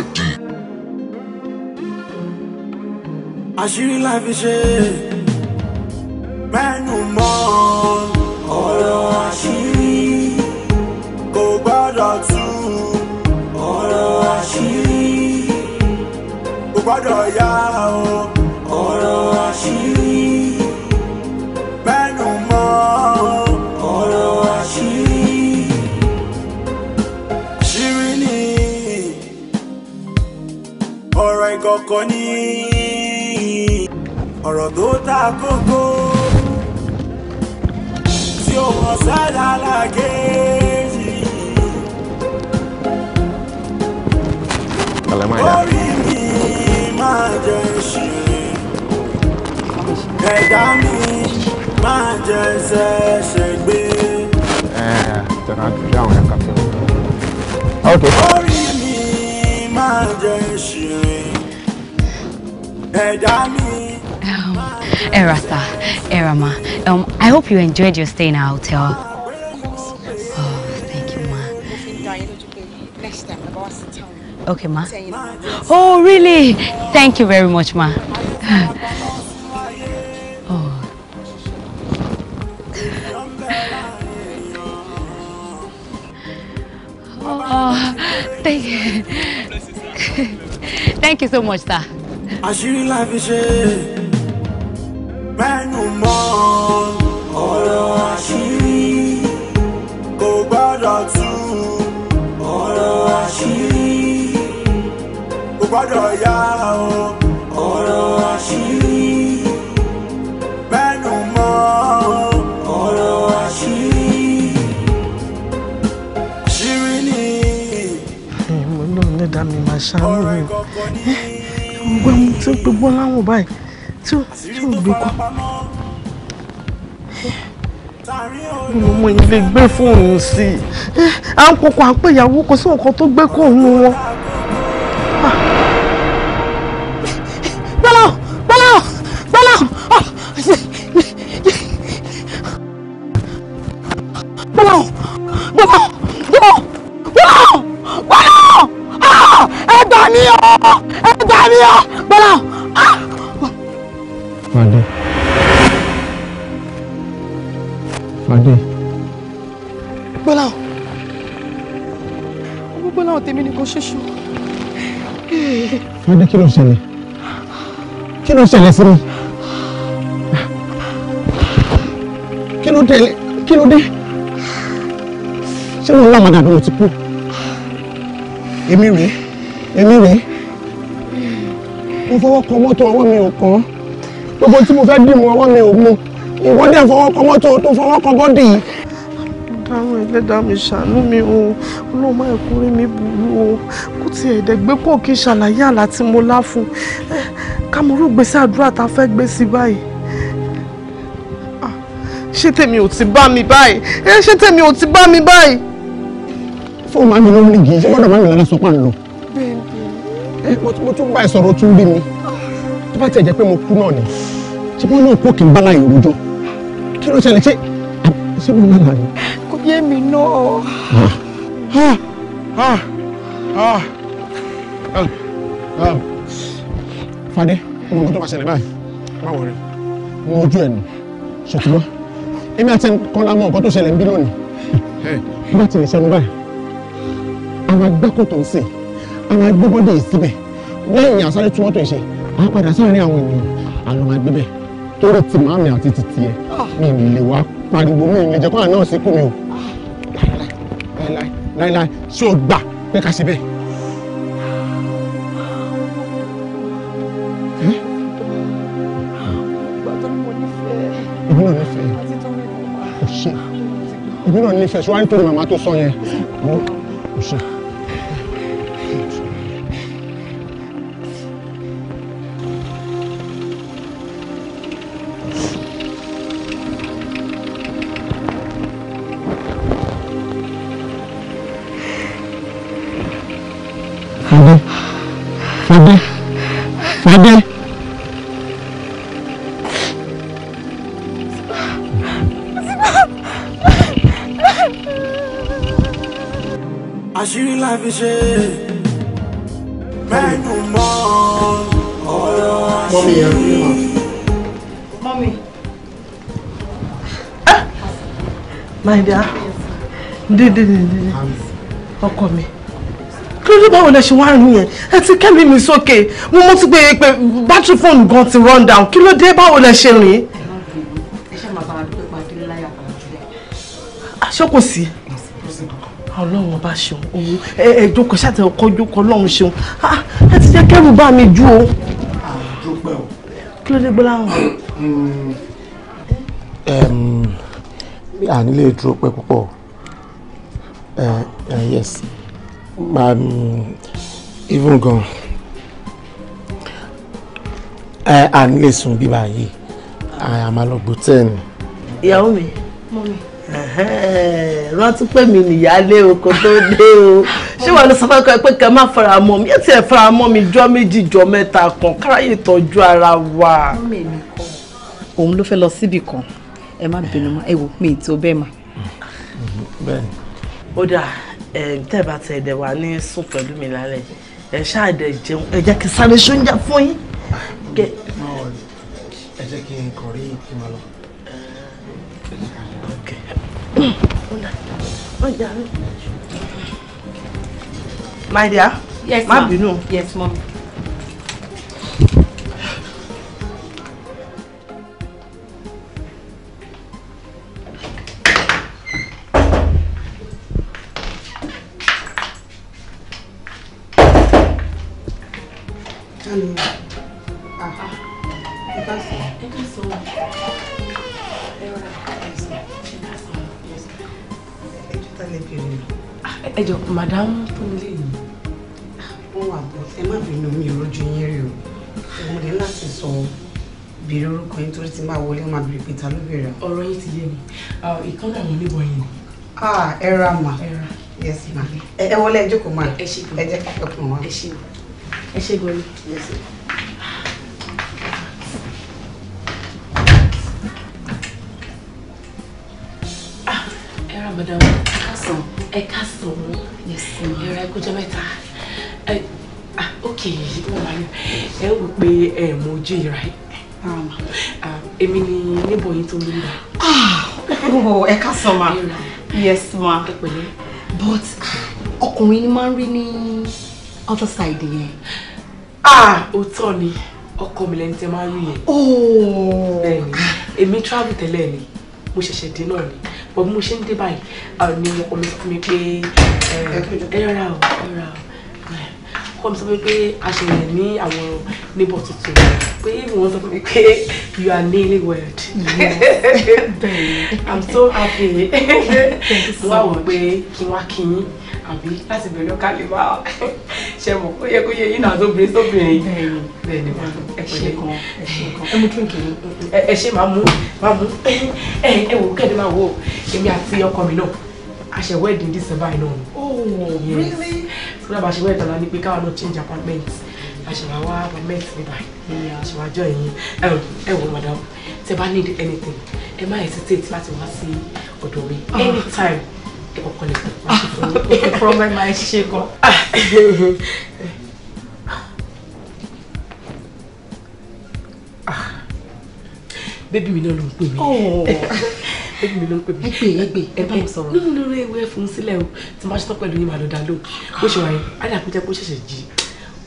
ID. àṣírí láfi ṣe mẹ́nu mọ́ ọ̀rọ̀ àṣírí kò gbọ́dọ̀ tú ọ̀rọ̀ àṣírí kò gbọ́dọ̀ yá. kọ́ ní ọ̀rọ̀ tó ta kókó tí ó mọ̀ sálà làkejì. orí mi máa jẹ ṣe ẹ̀dá mi máa jẹ ṣẹ̀ṣẹ̀ gbé. Eh, orí mi máa jẹ ṣe ẹ̀dá mi. Era sir, Era ma, um, I hope you enjoyed your stay in our hotel. Ah, oh, thank you ma. Okay, ma. Oh, really? Thank you very much, ma. oh. oh. Thank you. Thank you so much, sir àṣírí la fi ṣe mẹ́nu mọ́ ọ̀rọ̀ àṣírí kò gbọ́dọ̀ tú ọ̀rọ̀ àṣírí kò gbọ́dọ̀ yá o ọ̀rọ̀ àṣírí mẹ́nu mọ́ ọ̀rọ̀ àṣírí. àṣírí ni. mo náà ní dàmí màá ṣàánú mi tí ó gbégbó láwọn báyìí tí ó tí ó gbé kọ́. mo mọ ilé gbé fóònù sí i à ń kọkọ à ń pè ìyàwó kò sí nǹkan tó gbé kóònù wọn. kí ló ṣẹlẹ̀ kí ló ṣẹlẹ̀ sí mi kí ló dé kí ló dé ṣé wọn làwọn àdàdo mo ti kú èmi rèé èmi rèé mo fọwọ́ kan mọ́tò ọwọ́ mi ò kàn gbogbo tí mo fẹ́ dì mọ́ ọwọ́ mi ò mú ìwọ dẹ̀ fọwọ́ kan mọ́tò tó fọwọ́ kan bọ́dì yìí. dáhùn ẹlẹ́dàá mi ṣàánú mi o olóòmọ ẹ̀kú rí mi burú o ti ẹ̀dẹ̀ gbé pọ̀ kí ṣàlàyé àlá tí mo lá fún kámúrú gbèsè àdúrà tá a fẹ́ gbé sí báyìí ṣé tèmi ò ti bá mi báyìí ṣé tèmi ò ti bá mi báyìí. fún màmí ló ń rìn yìí ṣé gbọ́dọ̀ màmí lára sọ pàǹ lọ. mo tún bá ìsọ̀rọ̀ tún bí mi tó bá tiẹ̀ jẹ́ pé mo kú náà ni ṣé wọ́n náà kó kí n bá láyè rojọ́ kí ló ṣẹlẹ̀ ṣé ṣé mo lálàá ni. kò yé mi náà. Ah. Ah. Ah. máa ṣẹlẹ̀ báyìí má wọrí. wọ́n ojú ẹ̀ nù ṣùgbọ́n èmi àti kọ́lá mọ nǹkan tó ṣẹlẹ̀ ń bí lónìí. bá ti lè ṣẹnu báyìí àwọn agbẹ́kọ̀tò ń sìn àwọn agbébọ́dé yìí síbẹ̀ lẹ́yìn àsáré tí wọ́n tó ṣe á padà sáárín àwọn ènìyàn àlọ́ máa gbé bẹ̀ torí ti màmí àti ti tiẹ̀ ah. mi ì lè wá pariwo mi ì lè jẹ́ kọ́lá náà sí kú mi o láíláí láíláí láíláí ṣé o gbà pé ká ṣe bẹ́ẹ̀. náà nífẹ̀ẹ́ o ṣe èmi náà nífẹ̀ẹ́ ṣùgbọ́n nítorí màmá tó sọ yẹn o ṣe. Fade, Fade, Fade. my dear did dídí ọkọ mi kí ló dé báwo lẹ ṣe wá rìn yẹn ẹ ti kẹ́mi mi sókè mo mo ti gbé pé battery phone gan ti run down kí ló dé báwo lẹ ṣe rìn. aṣọ kò sí ọlọ́run ọba ṣeun owó ẹ jókòó ṣàtẹ ọkọ jókòó ọlọ́run ṣeun ah, ẹ ti jẹ́ kẹ́rù bá mi jù o ah, kí ló dé gbọ́láhùn àní lè dúró pẹ́ púpọ̀ ẹ ẹ yes máa mm, even gan ẹ àní lè sùn bí báyìí àmàlọ́gbò ten. ìyàwó mi mọ́mí rántí pé mi nìyálé oko tó dé o ṣé wàá lọ sọ fún ẹ pé kẹ má fara mọ́ mi yẹn ti ẹ fara mọ́ mi jọ́ méjì jọ́ mẹ́ta kan káráyè tọ́jú ara wa. òun ló fẹ́ lọ síbì kan ẹ má bínú mọ́ ẹ wò mí tó bẹ́ẹ̀ mà. bẹ́ẹ̀ni. ó dà ẹ tẹ́ bá tẹ ẹ̀dẹ̀ wá ní sùn pẹ̀lú mi lálẹ́ ẹ ṣáà dẹ̀ jẹun ẹ jẹ́ kí sáré ṣóúnjẹ fún yín. ẹ jẹ́ kí n kọ̀ rí kí n máa lọ. My dear. Yes, ma. Ma bínú. Yes, mommy. Hello. Ah. Ẹ ká sọ. Ẹ ká sọ. Ẹ rọra ẹ sọ. Ẹ ká sọ. Ẹ ah, jọ tá lè bèrè lọ. Ẹ má bínú mi ò rojú yín rí o. Mo lè láti sọ bèrè orúkọ yín torí tí n bá wọlé wọn máa bèrè pé ta ló bèrè. Ọ̀rọ̀ yín ti yé mi. Ah, Ìkọ́nà àwọn oníbọn yìí Ah, ẹ ra mà. Ẹ ra. Yes ma. Ẹ wọlé ẹ jókòó ma. Ẹ ṣe kò. Ẹ jẹ́ kí ọkùnrin wa. Ẹ ṣe kò ẹ ṣe gan ni. Ah, ẹ ra madam ẹ ká sàn ẹ ká sàn ẹ ra ẹkọjọ mẹ́ta ẹ ah, ok ẹ wò pé ẹ mọ ojú yìí ra èmi ni níbọ̀ yín tó ń lò. Ah, oh, ẹ ká sàn ma yes ma but ọkùnrin ni máa ń rí ní other side yẹn. ah òótọ́ ni ọkọ mi lẹni tẹ máa rí yẹn. Oh. bẹ́ẹ̀ èmi travel tẹ́lẹ̀ ni mo ṣẹ̀ṣẹ̀ dé náà ni but mo ṣe ń dé báyìí ni ọkọ mi sọ fún mi pé ẹ rárá o ẹ rárá o ọkọ mi sọ fún mi pé a ṣe rẹ̀ ní àwọn neighbor tuntun pé wọ́n sọ fún pé you are nearly wed. I'm so happy. mo wá wò pé kí wá kí yín àbí láti bẹ̀rẹ̀ ká lè wá ṣe mọ̀ ó yẹ kó yẹ yín náà tóbìnrin tóbìnrin bẹ́ẹ̀ ni ẹ ṣe kan ẹ ṣe kan ẹ mú drink mi ẹ ṣe máa mú máa mú ẹ ẹ wò kẹ́ni máa wò èmi àti ọkọ mi náà a ṣe wedding December náà ni. oh really. fúnra bá ṣe wedding náà ni pé káwọn náà change apartment a ṣe máa wá apartment ní báyìí a ṣe máa jọ ẹ̀yin ẹ wò madam tẹ bá need anything ẹ má hesitate láti wá sí ọ̀dọ̀ mi ah. anytime ọkọlẹ ọkọlẹ máa ṣe gan. bébí mi náà ló ń pè mí oh. bébí mi ló ń pè mí. ẹgbẹ́ ẹgbẹ́ ẹ bá mi sọ̀rọ̀. nínú lórí ewu ẹ fún un sílẹ̀ o tí máa ṣetán pẹ̀lú yín máa lọ dá lóhùn bó ṣe wáyé ádà kó jẹ́ kó ṣẹ̀ṣẹ̀ jí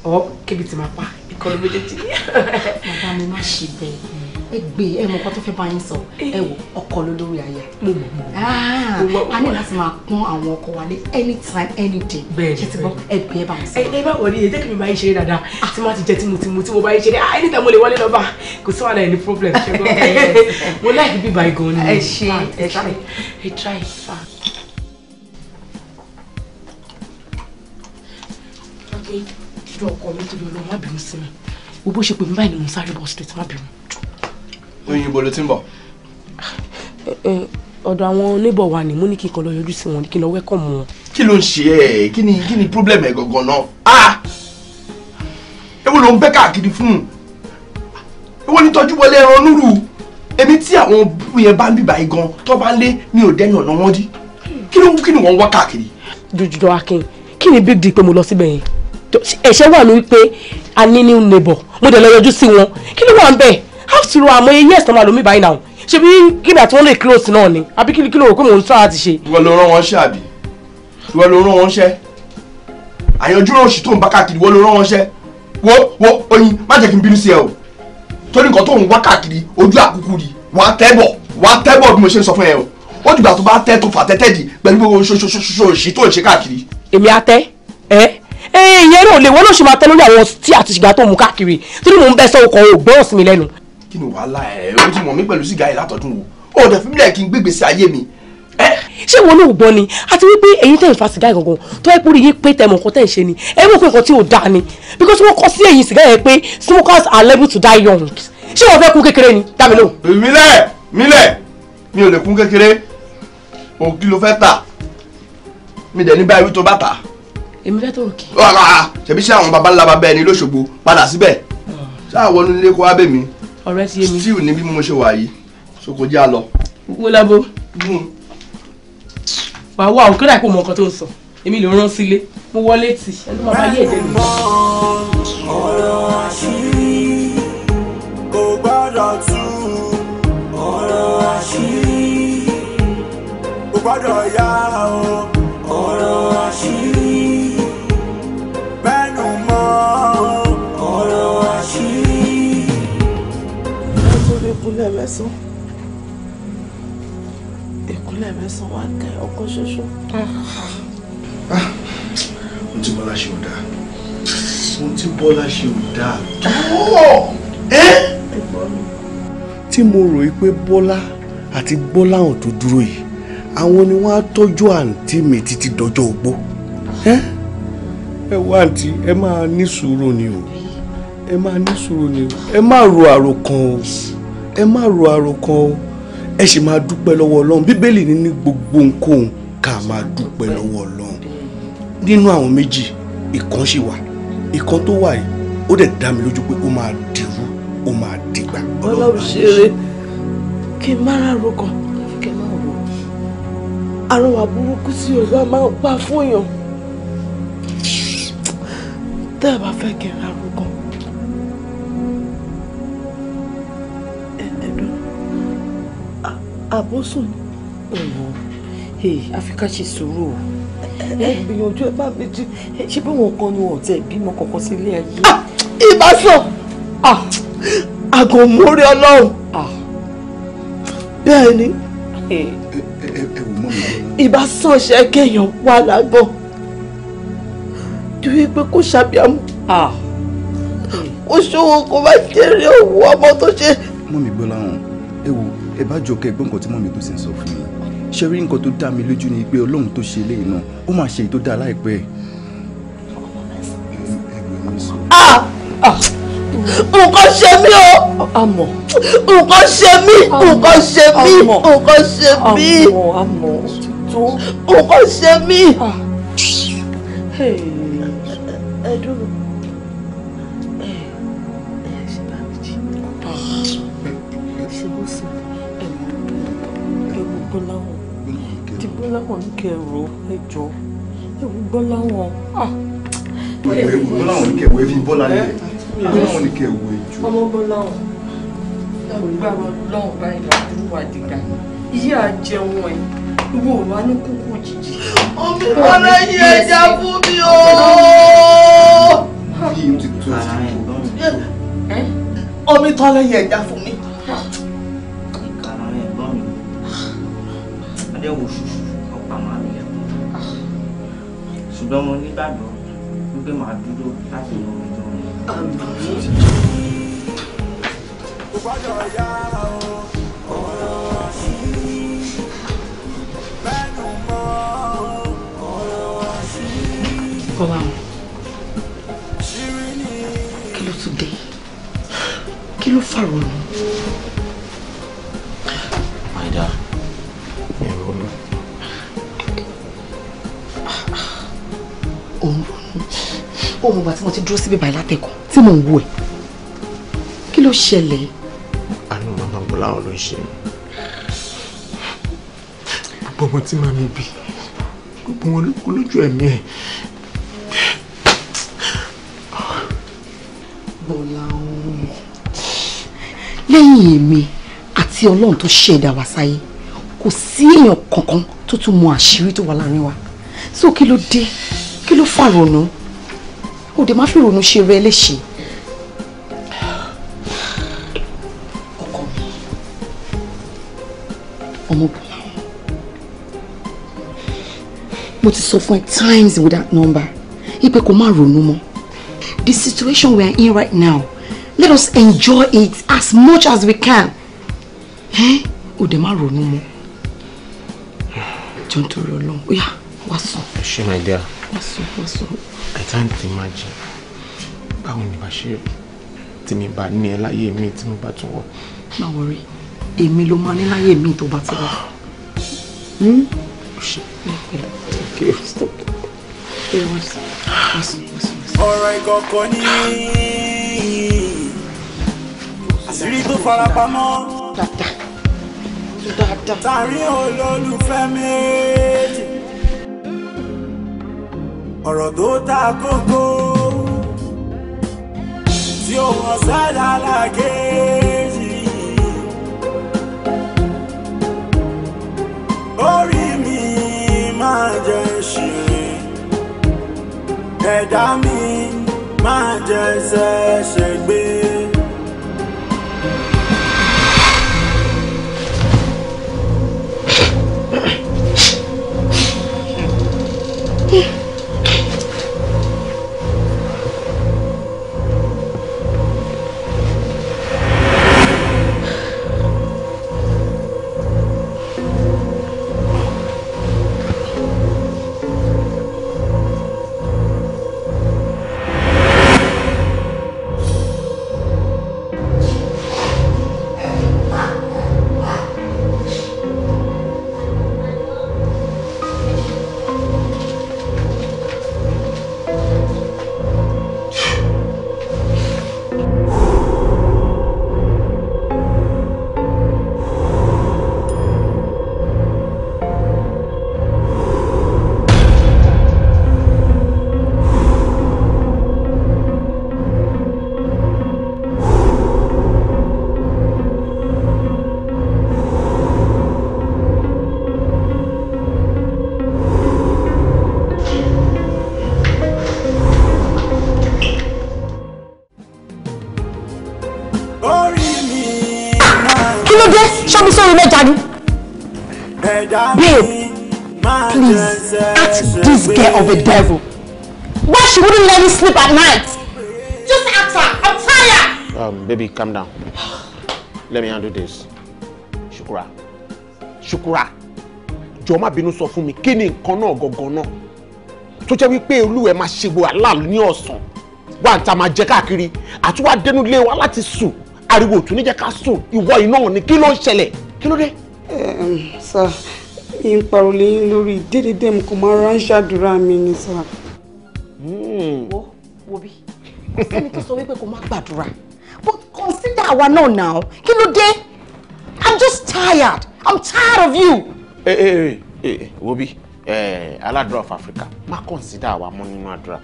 ọ̀ kébi tí máa pa ìkọlù méjèèjì. bàbá mi má ṣe bẹ́ẹ̀ ẹ gbé ẹ mọ nǹkan tó fẹ́ bá yín sọ eh. ẹ wò ọkọ ló lórí ayé mo mọ̀ mọ̀ ah, a ní láti máa pọ́n àwọn ọkọ wa ní anytime any day ṣe ti bọ́ ẹ gbé ẹ bá mi sọ. Eh, eh, ẹ bá wọlé yẹn jẹ́kí mi bá yín ṣeré dáadáa tí wọ́n ti jẹ tí mo ti mu tí mo bá yín ṣeré ah ẹni tàbí mo lè wọlé lọ́ba kò sí wàhálà ẹni problem ṣẹgbọ́n mo láìpẹ́ bíbá igan ni ẹ ṣe ah, ẹ ṣe ẹ try pé jọ ọkọ mi tó lọ lọ má bínú sí mi wo ṣe pè mí báyìí ni mo sáré bọ straight má bínú òyìnbó ló ti ń bọ̀. Eh, eh, ọ̀dọ̀ àwọn oníbọ̀ wa ni mo ní kí n kàn lọ yọjú sí wọn kí n lọ wẹ́kọ̀mù wọn. kí ló ń ṣe ẹ kí ni kí ni problem ẹ gangan náà a ah! ewu ló ń bẹ káàkiri fún un ewu ní tọ́jú wọlé ẹran núrù èmi tí àwọn yẹn bá ń bìbà yìí gan tó bá ń lé mi ò dẹ́yìn ọ̀nà wọn dí kí ló kí ni wọ́n wá káàkiri. jùjọ akin kí ni big deal pé mo lọ síbẹ̀ yẹn ẹ̀ṣẹ̀ wà ní pé a ní new neighbor mo dẹ̀ lọ yọjú sí wọn kí ló wà ń bẹ̀ zero àmọ́ iye yes tọ́mọ àlómi báyìí náà ṣe bí kíni àti wọn lè close náà ni àbí kíni kíni òkú mò ń sọ àti ṣe. ìwọ ló rán wọn ṣe àbí ìwọ ló rán wọn ṣe àyànjú ràn òṣì tó ń bá káàkiri ìwọ ló rán wọn ṣe wo wo oyin má jẹ́ kí n bínú sí o torí nǹkan tó ń wá káàkiri ojú àkúkú rí wàá tẹ́bọ̀ wàá tẹ́bọ̀ bí mo ṣe ń sọ fún ẹ o ó dìgbà tó bá tẹ́ tó fà tẹ́tẹ́ di pẹ̀lú gbogbo ṣoṣoṣo òṣì tó ń ṣe káàkiri. èmi á tẹ́ ẹ́ ìyẹn náà lè wọ́n náà ṣe máa tẹ́ lórí àwọn tí àti ṣìgbà tó mú káàkiri torí mò ń bẹ́ sọ ọkọ̀ ògbọ́n sí mi lẹ́nu kí ni wàhálà ẹ o ti mọ̀ mí pẹ̀lú sìgá yìí látọ̀dún wo o dẹ̀ fi mílẹ̀ kí n gbégbé sí ayé mi. ṣé ìwọ náà gbọ́ ni àti wípé èyí tẹ̀ ń fa sìgá gangan tó ẹ kúrò yín pé tẹ̀mọ̀ nǹkan tẹ̀ ń ṣe ni ẹ mọ̀ pé nǹkan tí ò dáa ni because wọ́n kọ́ sí èyí sìgá yẹn pé smokers are liable to die young ṣé wọ́n fẹ́ kú kékeré ni dá mi lóhùn. mílẹ̀ mílẹ̀ mi ò lè kú kékeré òkì ló fẹ́ tà mi dẹ̀ ní báyìí tó bá tà. èmi fẹ́ tó òkè. ṣebí ṣé àwọn babaláwa bẹ́ẹ̀ ni lóṣogbo padà síbẹ̀ ah. ṣáà wọnú ilé kó wá bẹ̀ mí ọ̀rẹ́ ti yé mi. stew ni bí mo ṣe wà yìí so kò jẹ́ àlọ́. wo labo. wàá wà ó kódà kó mọ nǹkan tó ń sọ èmi ló rán sílé mo wọlé tì ẹni tó máa bá yé èdè mi. ọ̀rọ̀ àṣírí kò gbọ́dọ̀ tú ọ̀rọ̀ àṣírí kò gbọ́dọ̀ yá. mẹ́sàn ìkúnlẹ̀ mẹ́sàn wá kẹ́ ọkọ ṣoṣo. Ah, ohun tí bọ́lá ṣe ò dáa ohun tí bọ́lá ṣe ò dáa tí mo rò yí pé bọ́lá àti bọ́lá hàn tó dúró yìí àwọn ni wọ́n á tọ́jú àǹtí mi títí dọjọ́ ogbó ẹ wá àǹtí ẹ máa ní sùúrù ni o ẹ máa ní sùúrù ni o ẹ má ro àròkàn o ẹ má ro àròkàn o ẹ sì máa dúpẹ́ lọ́wọ́ ọlọ́run bíbélì ní ní gbogbo nǹkan ká máa dúpẹ́ lọ́wọ́ ọlọ́run nínú àwọn méjì ìkan sì wà ìkan tó wà yìí ó dẹ̀ dá mi lójú pé ó máa dìrú ó máa dìgbà. ọlọ́run ṣeré kí n má rárò kan kí n má wò àrùnwà burúkú sí Yorùbá máa ń pa fún èèyàn tẹ́ ẹ bá fẹ́ kí n rárò. àbúsùn òwò àfikà ṣe sùúrù o gbìyànjú ẹ bá mi jí ṣé bí wọn kan ni wọn tẹ bímọ kankan sí ilé ayé. Ah, ìbásàn àgọ̀mọ́rẹ́ ah, ọlọ́run ah. bẹ́ẹ̀ ni ìbásàn ṣe kéèyàn wà lágbọ̀n torí pé kò ṣàbíàmù kò ṣòwò kò bá jèrè owó ọmọ tó ṣe. mú mi gbọ́ láwọn ewu ẹ bá jọ kẹgbọ́n nǹkan tí mọ̀mí tó sì ń sọ fún mi ṣe rí nǹkan tó dá mi lójú ni pé ọlọ́run tó ṣe eléyìí náà ó máa ṣe èyí tó dáa láìpẹ́ ah! Ah! nǹkan ṣe mí o nǹkan ṣe mí nǹkan ṣe mí nǹkan ṣe mí nǹkan ṣe mí. Ah! kàn ń kẹrù ẹjọ́ ewu gbọ́ láwọn. ewu ah! gbọ́ láwọn ní kẹwù ebi bọ́lá ní ẹ̀ gbọ́ láwọn ní kẹwù ẹjọ́. ọmọ gbọ́ láwọn gbà lọ́wọ́ báyìí ládùúgbò wà dìgbà iye àjẹun ẹ̀ ìwọ wà ní kúkú òjijì. omi kọ́lá yí ẹja fún mi o. omi tọ́lá yí ẹja fún mi. ìkàrà ẹ̀ gbọ́n mi ṣùgbọ́n mo nígbàgbọ́ wípé màá dúró láti yan omi tó ń Kọ́lá kí ló tún dé? Kí ló fàrọ̀ lù? ó mọ̀ gbà tí mo ti dúró síbi báyìí látẹ̀kọ́ tí mò ń wò ẹ̀ kí ló ṣẹlẹ̀. àánú màmá gbọ́ láwọn ló ń ṣe mí gbogbo ọmọ tí màmí bí gbogbo wọn ló kú lójú ẹ̀mí ẹ̀. bọ́lá ọ̀hún lẹ́yìn èmi àti ọlọ́run tó ṣẹ̀dá wa sáyé kò sí èèyàn kankan tó tún mọ àṣírí tó wà láàrin wa so kí ló dé kí ló fàrònú. No? o dẹ̀ má fi ronú ṣe rẹ léṣe. ọkọ mi ọmọbìnrin mo ti sọ fún ẹ times without number ipe kò má ronú mọ́ the situation we are in right now let us enjoy it as much as we can o dẹ̀ má ronú mọ́ jọ̀ǹtorí ọlọ́run ó yá wá sùn. ṣé my dear pọ̀sọ̀pọ̀sọ̀ I can't imagine báwo ni bá ṣe rí tí mi bá ní ẹ láyé mi tí mo bá tún wọ. má wọrí èmi ló máa ní Stop. mi tó bá ti wọ. Hmm? ọ̀rọ̀ ìkọ̀kọ̀ ni àṣírí tó farapamọ́. dáadáa dáadáa. tàrí olólùfẹ́ méjì ọ̀rọ̀ tó ta kókó tí ó wọ́n sẹ́dá làkejì. orí mi máa jẹ ṣìrì ẹ̀dá mi máa jẹ ṣẹ̀ṣẹ̀ gbé. Babe, please, ask this girl of a devil. Why she wouldn't let me sleep at night? Just ask her. I'm tired. Um, baby, calm down. Let me handle this. Shukura. Shukura. Jọ̀ọ́ má bínú sọ fún mi kí ni nǹkan náà gangan náà tó jẹ́ wípé olúwẹ̀ máa ṣe gbogbo aláàlú ní ọ̀sán wà tá a máa jẹ káàkiri àti wàá dénú ilé wa láti sùn ariwo òtún níjẹ́ ká sùn ìwọ iná ni kí ló ń ṣẹlẹ̀ kí ló dé. Um, sir kí n lórí dédédé mi máa rán ṣàdúrà mi ní sà. wo wo bí kò sẹ́ni tó sọ wípé kò má gbàdúrà but consider àwa náà now kí ló dé i'm just tired i'm tired of you. ẹ ẹ ẹ wo bí eh, aládùúrà of Africa má consider àwa mọ́ nínú àdúrà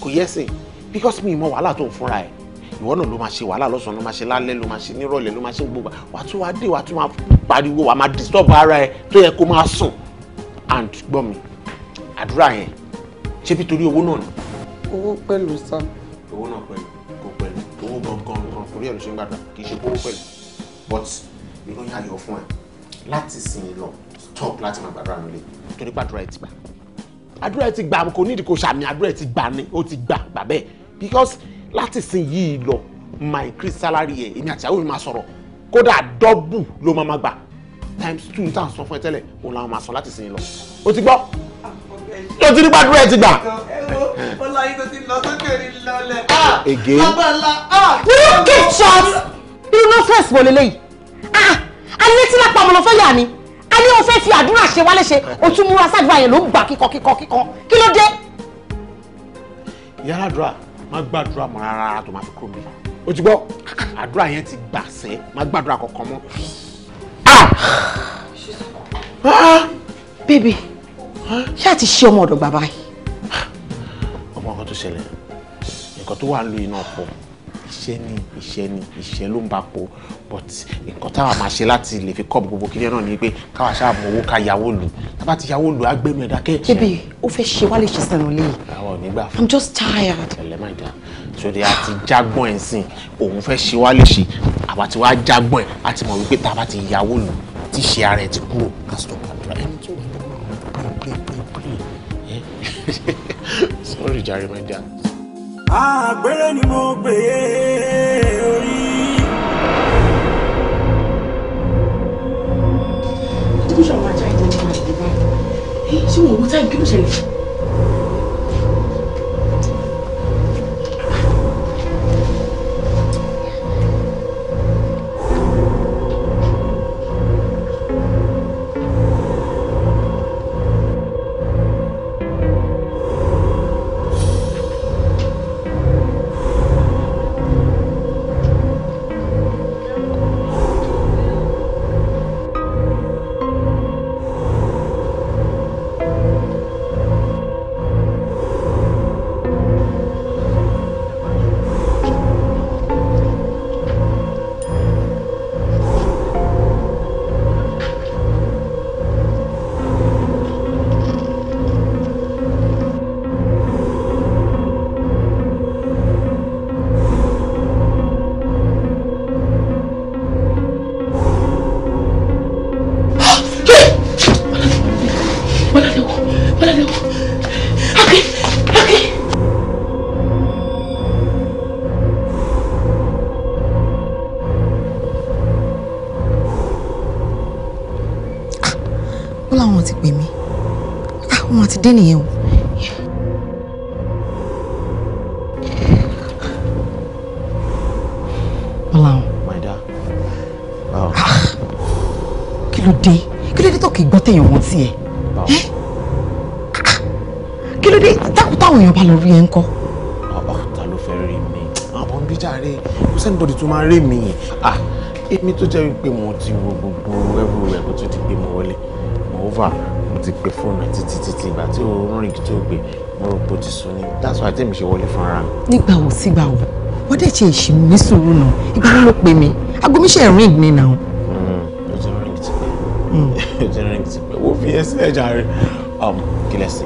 kò yẹ sìn because mi mọ wàhálà tó ń fúnra ẹ̀ ìwọ náà ló máa ṣe wàhálà lọ́sàn-án ló máa ṣe lálẹ́ ló máa ṣe nírọ̀lẹ́ ló máa ṣe gbogbo wàá tún wá dé wàá tún máa pariwo wàá máa disturb ara ẹ tó yẹ kó máa sùn and gbọ́ mi àdúrà yẹn ṣé bí torí owó náà ni. owó pẹ̀lú sam. owó náà pẹ̀lú kò pẹ̀lú owó gangan gan torí ẹ̀ ló ṣe ń gbàdúrà kì í ṣe owó pẹ̀lú but ìròyìn ayọ̀ fún ẹ láti sìn ín lọ stop láti máa gbàdúrà nílé torí pàdúrà ẹ ti gbà àdúrà ẹ ti gbà kò nídìí kò ṣàmì àdúrà ẹ ti gbà ni ó ti gbà gbà bẹ́ẹ̀ because láti sin yìí lọ máa increase salary ẹ̀ èmi àti àwọn mi máa sọ̀rọ̀ kódà dọ́bù ló máa máa gbà times two tá à ń sọ fún ẹ tẹ́lẹ̀ òun làwọn máa sọ láti sin yìí lọ o ti gbọ́ ah, o ti ní gbàdúrà ẹ ti gbà. Eh. ọlọ́yin tó ti lọ sókè ah, ah, ní lọlẹ̀. ègé wíwú kí chọ́t irú ló fẹ́ sùn lélẹ̀ yìí alẹ́ tí lápá ọmọ lọ fẹ́ yà ni alẹ́ o fẹ́ fi àdúrà ṣe wálé ṣe o tún múra sáàdúrà yẹn ló ń gbà kíkọ kíkọ kíkọ kí ló dé. yàrá àdúrà má gbàdúrà mọ́ rárá tó máa fi kúrò mi. o ti gbọ́ àdúrà yẹn ti gbà sẹ́ má gbàdúrà kankan mọ́. Ah! Ah! bébì ah! ṣáà ti ṣe ọmọ ọ̀dọ̀ bàbá yìí. ọmọ kan tó ṣẹlẹ̀ nǹkan tó wà ń lo iná pọ̀ iṣẹ́ ni iṣẹ́ ni iṣẹ́ ló ń bá po but nǹkan táwa máa ṣe láti lè fi kọ́ gbogbo kílẹ̀ náà ni pé káwa ṣáà mọ owó ká yàwó lù tábà ti yàwó lù agbẹ́nu ẹ̀dá bébè ó fẹ́ ṣe wálé ṣe sẹ́nu lé. àwọn ò ní gbà fún. i'm just tired. ẹ̀lẹ́ máa dà sóde àti jágbọ́n ẹ̀ sìn òun fẹ́ ṣe wálé ṣe àbá ti wá jágbọ́n ẹ̀ àti mọ̀ wípé tábà ti yàwó lù tí ṣe ara ẹ̀ ti kúrò. sorry jare my dear àgbèrè ni mo gbé orí. ìdíbò ṣàwọn ajá ìdíbò máa ń dìbò ṣé wọn ò wú táyì kí ló ṣẹlẹ̀. somebody to marry me. ah èmi tó jẹ́ wípé mo ti wo gbogbo everywhere kó tó di pé mo wọlé moreover mo ti pe fóònù ẹ̀ títí títí ìgbà tí òun rìn tó gbé mo rò pé ti sùn that's why tèmi ṣe wọlé fún ara mi. nígbà wo sígbà wo wọ́n dẹ̀ ṣe ìṣìmú ní sùúrù náà ìgbà wo ló pe mi aago mi ṣe ring mi náà. Hmm, ó ti ring ti pẹ́ hmm. ó ti ring ti pẹ́ wo fi ẹsẹ̀ ẹ̀ jàre um, kílẹ̀ sí.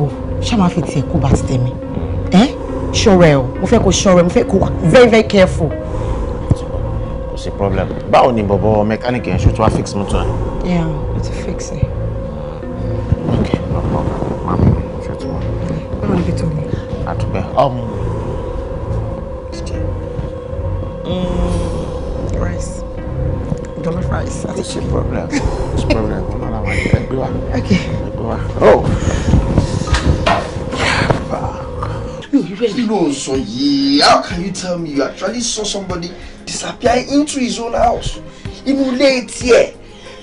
o oh, ṣé máa fi tiẹ̀ kó bá ti tẹ̀ mí. Hmm ṣọ́ra ẹ̀ o mo fẹ́ kó ṣọ́ra ẹ̀ mo fẹ́ kó very very careful. kò sí problem báwo ni bọ̀bọ̀ mẹkáníìkì yẹn ṣe wá fix mọ́tò ẹ̀. So yìí how can you tell me you actually saw somebody disappear into his own house inú ilé tiẹ̀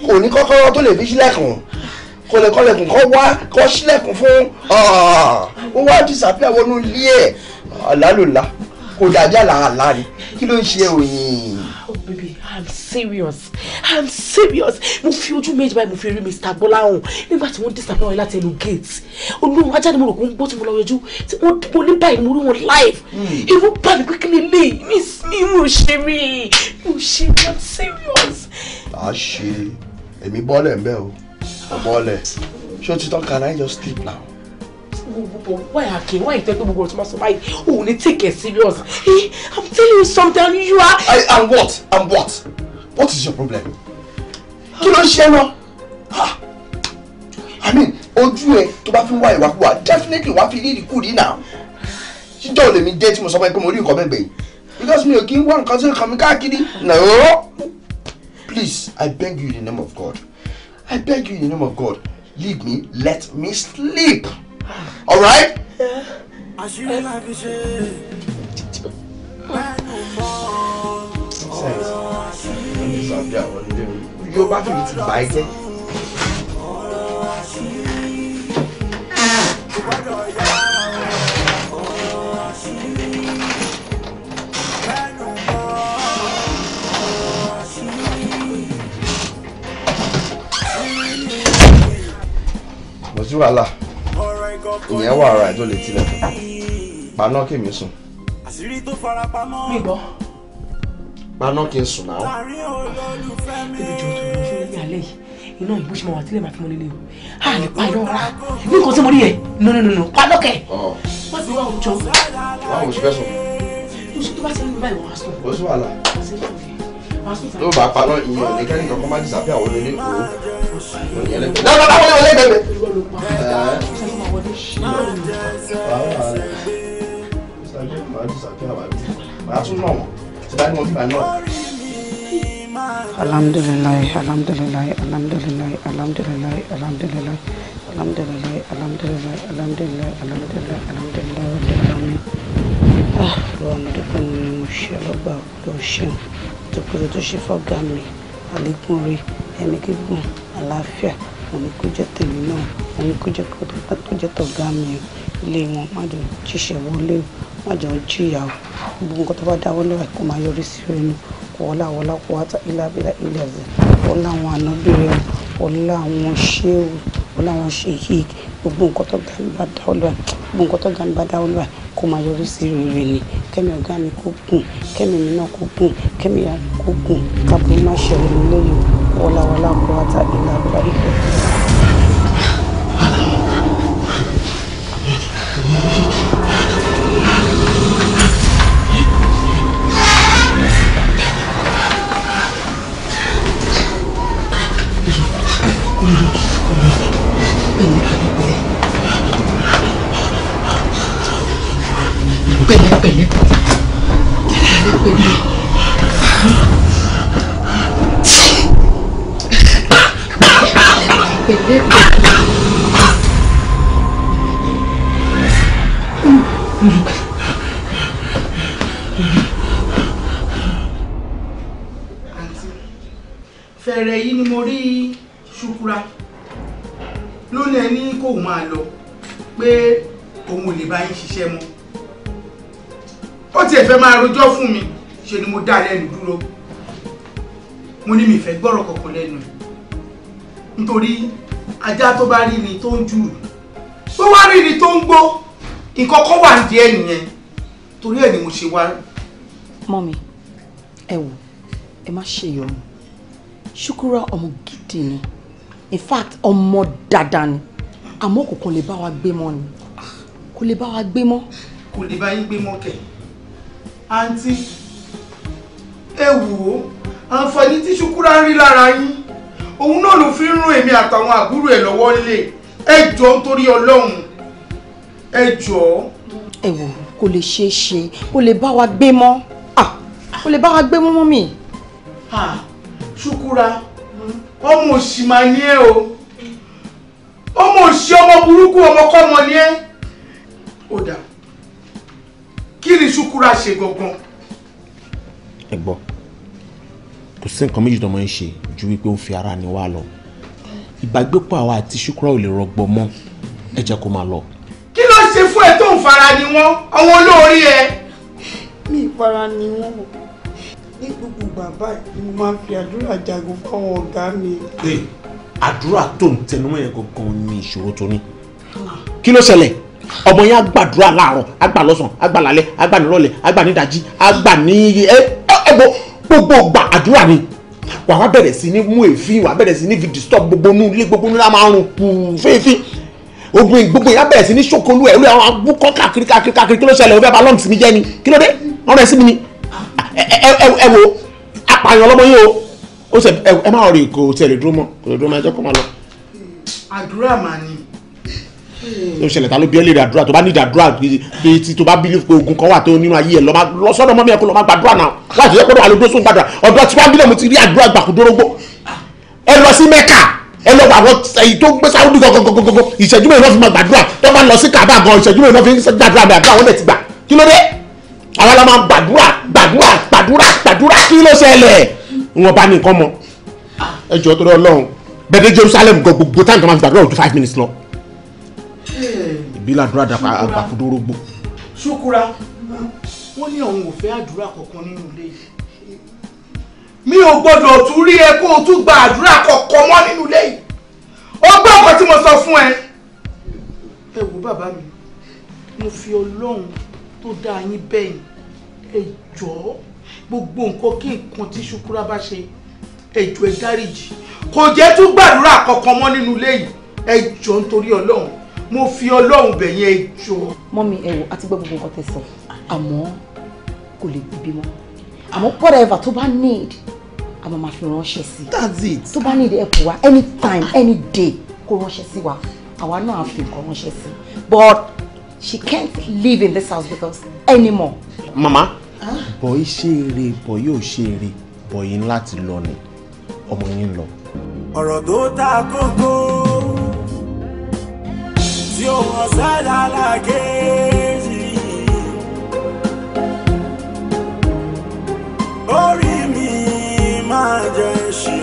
kò ní kọ́kọ́rọ́ tó lè fi ṣílẹ̀kùn kò lè kọ́lẹ̀kùn kọ́ wá kọ́ ṣílẹ̀kùn fún ó wá disappear wọnú ilé ẹ̀ àlálòlá kò dàbí àlàálá ni kí ló ń ṣe òyìn. oh baby i'm serious i'm serious mo fi ojú méjì báyìí mo fi rí mr gbọ́láhùn nígbà tí wọ́n disappear wọn láti ẹnu gate olóhùn ajá ni mo rò kó ń gbọ́ tí mo lọ yọjú tí wọ́n dúpọ̀ ní báyìí mo rí wọn live hmm. irú bá pé kí lè mí sí mi ò ṣe mí ò ṣe mí i'm serious. a ṣe èmi bọ́ọ̀lẹ̀ ń bẹ́ o bọ́ọ̀lẹ̀ ṣé o ti tán can i just sleep now gbogbo why akin why you gbogbo tí ma sọ báyìí o ò take it serious eh, i'm telling you something you are. i am what am what what is your problem kí ló ń ṣe náà i mean ojú ẹ tó bá fi ń wá ìwàkuwà definitely wàá fi rí ìrìkúrì náà jíjọ́ lèmi dé tí mo sọ fún ẹ pé mo rí nǹkan bẹ́ẹ̀ because mi ò kí ń wá nǹkan tó ń kàn mí káàkiri nàá please i beg you in the name of god i beg you in the name of god leave me let me sleep alright. àṣírí máa fi ṣe ti bàá jẹ́. ọ̀rọ̀ kò wàhálà ìyẹn wà ara ẹ̀ tó lè tilẹ̀kùn paná kí mi sùn. gbígbọ́. paná kí n sùn náà. ibi jù tó ń ṣe ní alẹ́ yìí iná ìbú ṣe máa wà tílẹ̀ máa fi mọ́ lélẹ̀ o a lè pa irọ́ ra ní nǹkan tí mo rí yẹ no no no no pa lọ́kẹ̀. wọ́n ti wá òjò. báwo ṣe fẹ́ sùn. oṣù tó bá ṣe ń bá ìwọ̀n aṣọ. oṣù wàhálà tó bá pa lọ ìyẹn òní kẹ́ni kankan má dìsàbí àwọn olè lẹ́kọ̀ọ́ òní ẹlẹ́gbẹ̀ẹ́. lọ́dọ̀ bá wọlé wọlé gbẹ̀gbẹ̀. màá tún náà wọ̀n tí bá ní wọn Alhamdulillah, Alhamdulillah, Alhamdulillah, Alhamdulillah, Alhamdulillah, Alhamdulillah, Alhamdulillah, Alhamdulillah, Alhamdulillah, Alhamdulillah, Alhamdulillah. ah lọ́wọ́ mi dúpẹ́ ni mo ṣe ọlọ́gbà lọ ṣeun tókòtò tó ṣe fọ́gà mi àlékún rí ẹni gígùn àlàáfíà òní kó jẹ́ tèmi náà òní kó jẹ́ kó jẹ́ tọ̀gá wọlá wọlá kó wáta ìlàbílà ìlẹ̀zẹ̀ wọlá àwọn ànábìrẹ̀ wọlá àwọn ṣéwù wọlá àwọn ṣèyí gbogbo nǹkan tó ga nígbà dá olúwa gbogbo nǹkan tó ga nígbà dá olúwa kó máa yọrí sí rere ni kẹ́mi ọ̀gá mi kó gùn kẹ́mi mi náà kó gùn kẹ́mi ìyá mi kó gùn tàbí má ṣẹlẹ̀ nílé yìí wọlá wọlá ìlàbílà. máa rojọ́ fún mi ṣe ni mo dá lẹ́nu dúró mo ní mi fẹ́ gbọ́rọ̀ kọ̀ọ̀kan lẹ́nu ẹ̀ nítorí ajá tó bá rí ni tó ń jù tó wá rí ni tó ń gbó nǹkan kan wà ní ẹ̀ nìyẹn torí ẹ̀ ni mo ṣe wá. mọ́mi ẹ wò ẹ má ṣe ìyọnu ṣukura ọmọ gidi ni in fact ọmọ dáadáa ni àmọ́ kò kàn lè bá wa gbé mọ́ ni kò lè bá wa gbé mọ́. kò lè bá yín gbé mọ́ kẹ̀ àǹtí ẹ wò ó àǹfààní tí ṣukúra ń rí lára yín òun náà ló fi ń rún èmi àtàwọn àbúrò ẹ lọ́wọ́ nílé ẹ jọ nítorí ọlọ́run ẹ jọ. ẹ wò kò lè ṣeé ṣe kò lè bá wa gbé mọ́ ah, kò lè bá wa gbé mọ́ mọ́ mi. ṣukúra ọmọ òṣì máa ní ẹ o ọmọ òṣì ọmọ burúkú ọmọkọ́mọ ní ẹ. ó dà kí ni ṣukura ṣe gangan. ẹ gbọ́ kò sí nǹkan méjì tó máa ń ṣe ju wípé ó ń fi ara ni wá lọ ìbágbépọ̀ àwa àti ṣukura ò lè rọgbọ mọ́ ẹ jẹ́ kó máa lọ. kí ló ṣe fún ẹ tó ń fara ni wọn àwọn olórí ẹ. mi ìfara ni wọn ní gbogbo bàbá ni mo máa ń fi àdúrà jagun fáwọn ọ̀gá mi. àdúrà tó ń tẹnumọ́ yẹn gangan ni ìṣòro tó ní kí ló ṣẹlẹ̀ ọmọ yẹn àgbàdúrà láàárọ̀ àgbà lọ́sàn àgbà lálẹ́ àgbà nírọ̀lẹ́ àgbà nídàjí àgbà ní ẹ ẹ gbogbo gbà àdúrà ni wà wá bẹ̀rẹ̀ sí ní mú èéfín wà bẹ̀rẹ̀ sí ní fi disturb gbogbo nú ilé gbogbo nú láwọn àrùn kù fínfín obìnrin gbogbo yẹn bẹ̀rẹ̀ sí ní ṣokòlù ẹ̀ lórí àwọn agbókọ́ káàkiri káàkiri káàkiri kí ló ṣẹlẹ̀ òfẹ́ bá lọ́ọ̀tì mi jẹ́ ni kí ló dé ọ̀rọ̀ ẹ̀ sí mi ni ẹ wo apààyàn ọlọ́mọ yìí o ó sẹ ẹ má rí kò tẹ̀lé dúró mọ́ kò tẹ̀lé dúró mọ́ ẹ jẹ́ kó má lọ. àdúrà màá ní tó ṣẹlẹ̀ ta ló bí ẹ lè dàdúrà tó bá ní dàdúrà bíi ti tó bá bí pé ogun kan wà tó nínú ayé ẹ lọ sọ́dọ̀ mọ́mí ẹ kó lọ máa gbàdúrà náà wá ìṣẹ́ kó lọ àlọ́ dóṣù gbàdúrà ọ̀dọ̀ tí wọ́n bílẹ̀ mo ti rí àdúrà gbàkúndórógbó ẹ lọ sí mẹ́kà ẹ lọ wà wọ́n èyí tó gbé sáwọ́dù gọ́gọ́gọ́gọ́ ìṣẹ́jú mẹ́rin náà fi máa gbàdúrà tó bá lọ sí kàbá gan ìṣẹ́jú mẹ́rin náà fi gbàdúrà mi àdúrà wọn lè ti gbà kí ló dé àwọn la máa gbàdúrà gbàdúrà gbàdúrà gbàdúrà kí ló ṣẹlẹ̀ wọn bá ní nǹkan mọ ẹ jọ tó lọ lọ́hùn bẹ́ẹ̀ dé Jerusalem gbogbo time tó máa fi gbàdúrà ìbílẹ̀ àdúrà dàpọ̀ àgbàkúndórógbò. ṣùkúra wọ́n ní òun ò fẹ́ àdúrà kankan nínú ilé yìí mi ò gbọ́dọ̀ tún rí ẹ kó o tún gba àdúrà kankan mọ́ nínú ilé yìí ọgbọ́n kan tí mo sọ fún ẹ. ẹ wo bàbá mi mo fi ọlọ́run tó dá yín bẹ́yìn ẹ jọ̀ọ́ gbogbo nǹkan kí nǹkan tí ṣùkúra bá ṣe ẹ jọ̀ọ́ ẹ dáríjì kò jẹ́ tún gbàdúrà kankan mọ́ nínú ilé yìí ẹ jọ̀ọ́ nítorí ọlọ́run mo fi ọlọ́run bẹ̀ jọ. mọ́mi ẹ àti gbọ́ gbogbo nǹkan tẹ́ àmọ́ kò lè bímọ àmọ́ whatever tó bá need a máa fi ránṣẹ́ sí i. that's it. tó bá need ẹ kò anytime any day kó ránṣẹ́ sí wa àwa náà fi nǹkan ránṣẹ́ sí i but she can't live in this house with us anymore. mama bọ̀yì ṣe eré bọ̀yì ò ṣe eré bọ̀yì ńlá ti lọ ni ọmọ yín lọ. ọ̀rọ̀ tó ta kókó tí ó wọ́n sẹ́dá lákejì. orí mi máa jẹ ṣe.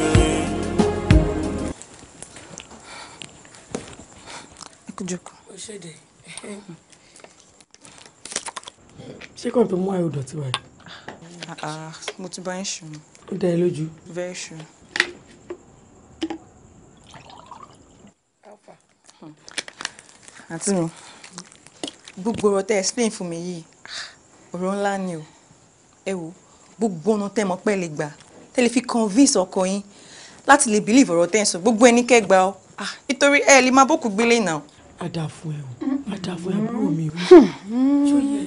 ẹ kú jókòó. ó ṣèdè. ṣé kàn tó mú ayò dọ̀tí wáyé. Ah, ah, mo ti bá yín ṣùn. ó dá ẹ lójú. very sure. àǹtí mi gbogbo ọ̀rọ̀ tẹ́ explain fún mi yìí ọ̀rọ̀ ńlá ni o ẹ wo gbogbo ọ̀nà tẹ́ mọ̀ pẹ́ lè gbà tẹ́ lè fi convince ọkọ yín láti lè believe ọ̀rọ̀ tẹ́ ń sọ gbogbo ẹni kẹ́ gbà ọ́ nítorí ẹ lè máa bókù gbélé náà. a dà fún ẹ o a dà fún àbúrò mi o tó yẹ.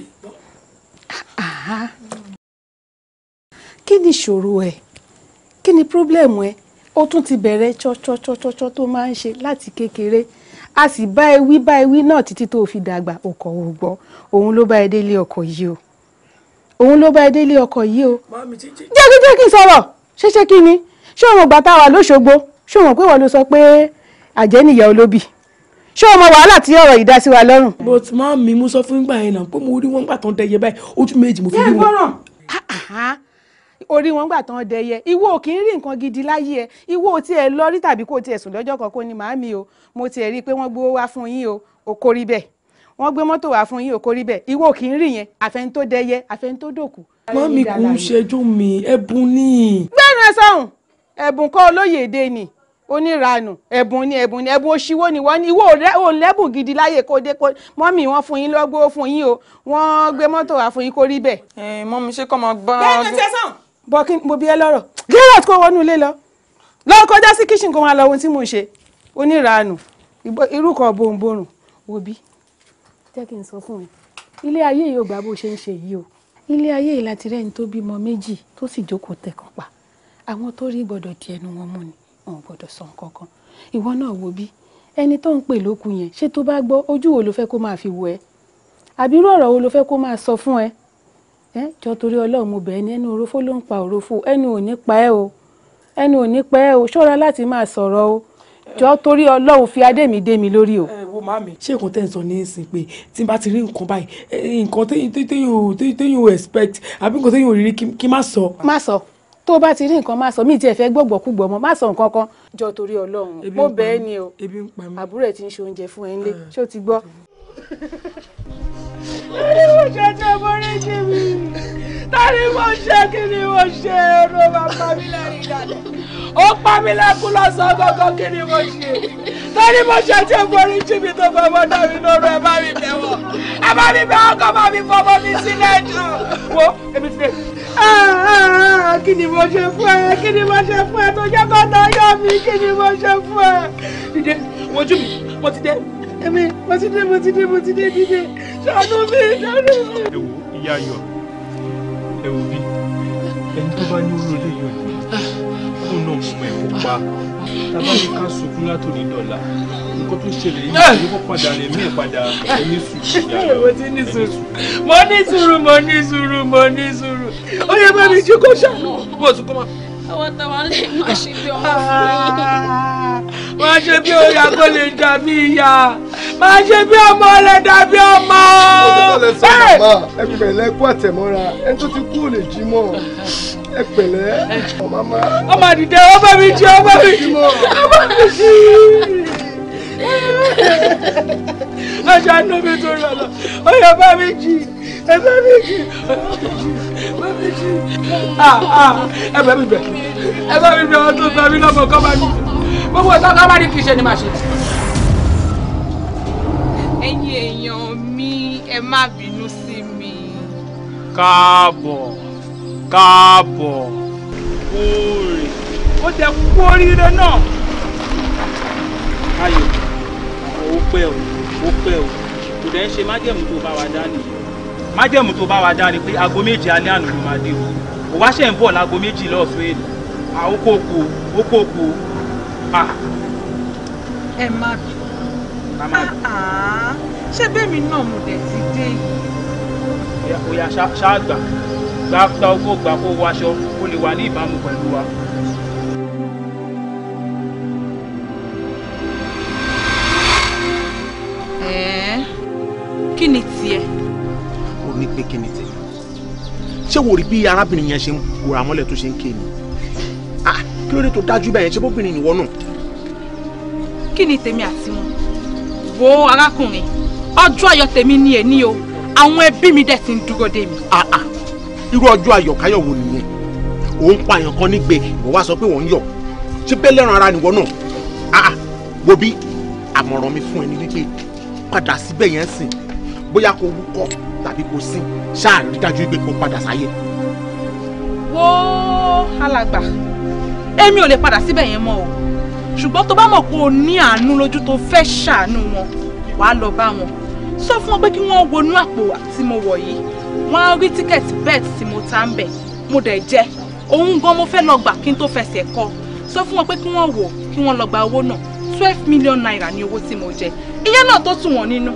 kí ni ìṣòro ẹ kí ni problem ẹ ó tún ti bẹ̀rẹ̀ tó máa ń ṣe láti kékeré a sì bá ewí bá ewí náà títí tó fi dàgbà ọkọ ò gbọ́ òun ló bá ẹ délé ọkọ yìí o òun ló bá ẹ délé ọkọ yìí o jẹ́kí jẹ́kí sọ̀rọ̀ ṣeṣe kí ni ṣé òun gbà tá a wà lóṣogbo ṣé òun pé wọ́n ló sọ pé àjẹ́ nìyá olóbì ṣé o wàhálà tí ọ̀rọ̀ yìí dá sí wa lọ́rùn. but màmí mo sọ fún gbà yẹn náà pé mo rí wọn gbà tán dẹyẹ báyìí ojú méjì mo fi rí wọn orí wọn gbà tán dẹyẹ ìwọ ò kì í rí nǹkan gidi láyé ẹ ìwọ ò tiẹ̀ lọ rí tàbí kò tiẹ̀ sùn lọ́jọ́ kan kó ní màámi o mo tiẹ̀ rí i pé wọ́n gbowó wá fún yín o ò kórí bẹ́ẹ̀ wọ́n gbé mọ́tò wá fún yín ò kórí bẹ́ẹ̀ ìwọ ò kì í rí yẹn àfẹn tó dẹyẹ àfẹn tó dòkú. mọ́mí kò ń ṣẹjú mi ẹ̀bùn ni. gbẹ́nu ẹ sọ̀hún ẹ̀bùn kọ́ olóyè èdè ni oníranù ẹ̀bùn ni ẹ̀bùn ni ẹ̀bùn oṣìwò ni wọ́n ní ìwọ ò lẹ́bùn gidi láyè kó dé kó mọ́mì wọ́n fún yín lọ́gbó fún yín o wọ́n gbé mọ́tò wá fún yín kó rí bẹ́ẹ̀. ẹ mọ́mí ṣé kọ́ máa gbá. bẹ́ẹ̀ ni ṣe sàn bọ́kí mo bí ẹ lọ́rọ̀ gerard kó wọnú ilé lọ lọ kọjá sí kíṣìn kó máa lọ ohun tí mò ń ṣe oníranù irúkọ bòǹbòrùn wo bí. jẹ́ kí n sọ fún ẹ ilé ayé yìí ò gbà bó ṣe ń ṣe yìí o ilé ayé yìí láti rẹ́ni tó bímọ méjì tó sì jókòó tẹ̀kàn pa àwọn tó rí gbọ́dọ̀ di ẹnu wọn mú ni wọn gbọ́dọ̀ sọ nǹkan ìwọ náà wo bí ẹni tó ń pè lókun yẹn ṣé tó bá gbọ́ ojú wo ló fẹ́ kó máa fi wò ẹ́ àbírú ọ̀rọ̀ wo ló fẹ́ kó máa sọ fún ẹ ẹ jọ torí ọlọ́run mo bẹ̀ẹ́ ní ẹnu òròfó ló ń pa òròfó ẹnu ò ní pa ẹ́ o ẹnu ò ní pa ẹ́ o ṣọ́ra láti máa sọ̀rọ̀ o jọ torí ọlọ́run fi adé mi dé mi lórí o. ẹ wo màmí ṣé nǹkan tẹ́ ń sọ ní ìsìn pé tí n bá ti rí nǹkan báyìí nǹkan téyìn ò expect àbí nǹkan téyìn ò rírí kí má sọ. má sọ tó bá ti rí nǹkan má sọ mí tiẹ̀ fẹ́ gbọ́gbọ́ kúgbọ́ mọ́ má sọ nǹkan kan jọ torí ọlọ́run mo bẹ̀ẹ́ ni o àbúrò ẹ̀ ti ń ṣe oúnjẹ fún ẹ ńlé ṣé o ti gbọ́. kí mo ṣe ṣe borí jì mí tani mo ṣe kí ni mo ṣe ẹ̀rọ máa pa mí lẹ́rìn ìdálẹ̀ ó pa mí lẹ́kún lọ́sàn-án gbọ̀ngàn ni mo ṣe tani mo ṣe ṣe borí jì mí tó fọwọ́ dá mi lóru ẹ bá mi bẹ̀ wọ̀ ẹ bá mi bẹ̀ ọkọ̀ bá mi fọwọ́ mi sílẹ̀ jù wo èmi ti dé kí ni mo ṣe fún ẹ kí ni mo ṣe fún ẹ tó jẹ́ kó yọ mí kí ni mo ṣe fún ẹ. dìde wojú mi mo ti dé èmi mo ti dé mo ti dé mo ti dé dìde ṣàánú mi ṣàánú mi. ẹ wo ìyá ayọ̀ ẹ wo bí ẹni tó bá ní olóde yọ ni fún náà mo mọ ẹ̀kọ́ pa tábà ní ká sunkún látòní dọ̀la nǹkan tó ṣẹlẹ̀ yìí ni ah! wọ́n padà rẹ̀ mí ẹ̀ padà ẹni sùúrù ìyá ayọ̀ ẹni sùúrù. mo ní sùúrù mo ní sùúrù mo ní sùúrù ó yẹ bá mi jí kó ṣàánú bó o tún kọ́ máa. àwọn táwa lè máa ṣe bí ọmọ fún ah! mi máa ṣe bí oya kó lè dàbí ìyá máa ṣe bí ọmọ lè dàbí ọmọ. ọ̀dọ́dọ́lẹ̀ sọ màmá ẹ àtẹ̀mọ́ra ẹ tó ti kú ò lè jí mọ́ ẹ pẹ̀lẹ́ màmá. ọmọ àdìdẹ ọmọ mi jí ọmọ mi jí ọmọ mi jí. ẹ ṣàánú mi torí ọ̀la ọyọ bá mi jí ẹ bá mi jí bá mi jí ah, ah. ẹ bá mi bẹ ẹ bá mi bẹ ọdún bá mi lọmọ kọ bá mi gbogbo ọ̀sán ká bá rí kí ṣe ni màá ṣe. ẹ̀yin èèyàn mi ẹ má bínú sí mi. káàbọ̀ káàbọ̀ kóòrè ó jẹ́ kú oríire náà. ayọ̀ ó pẹ́ o ó pẹ́ o kò dẹ́ ń ṣe májẹ̀mú tó bá wa dá nìyẹn májẹ̀mú tó bá wa dá ni pé aago méje alẹ́ àná ló máa dé o òwá ń bọ̀ láago méjì lọ́ọ̀fẹ́ èlò àwọn okòkò okòkò Ah. ẹ má bì ah, ah. ṣé bẹ́ẹ̀mi náà mo dẹ̀ ti dé yìí. oya ṣáàgbà gbàgbà ogó gbà kó wọ aṣọ kó lè wà ní ìbámu pẹ̀lú wa. kí ni tiẹ̀. o ní pé kí ni tiẹ̀ ṣé wo rí bí arábìnrin yẹn ṣe ń wòrà mọ́lẹ̀ tó ṣe ń ké ni kí ló dé tó dájú bẹ́ẹ̀ ṣe bóbìnrin nìwọ náà. kí ni tèmi àti wọn wo arákùnrin ọjọ́ ayọ̀ tèmi ni èní o àwọn ẹbí mi dẹ̀ ti ń dúró dé mi. àà irú ọjọ́ ayọ̀ káyọ̀ wo nìyẹn òun pa àyàn kan nígbe ìwọ wá sọ pé wọ́n ń yọ̀ ṣé bẹ́ẹ̀ lẹ́ran ara nìwọ náà àà ah, ah. wo bí àmọ̀ràn mi fún ẹni wípé padà síbẹ̀ yẹn sìn bóyá kò wúkọ̀ tàbí kò sìn ṣáà rí dájú pé kò padà sáyé. wo alàgbà èmi ò lè padà síbẹ̀ yẹn mọ́ o ṣùgbọ́n tó bá mọ̀ pé o ní àánú lójú tó fẹ́ ṣàánú wọn wàá lọ bá wọn sọ fún wọn pé kí wọ́n wọnú àpò tí mo wọ̀ yìí wọ́n á rí tíkẹ́ẹ̀tì bẹ́ẹ̀tì tí mo ta ń bẹ̀ mo dẹ̀ jẹ́ òun gan mo fẹ́ lọ gbà kí n tó fẹsẹ̀ kọ sọ fún wọn pé kí wọ́n wò kí wọ́n gba owó náà twelve million naira ni owó tí mo jẹ ìyẹn náà tó tù wọ́n nínú.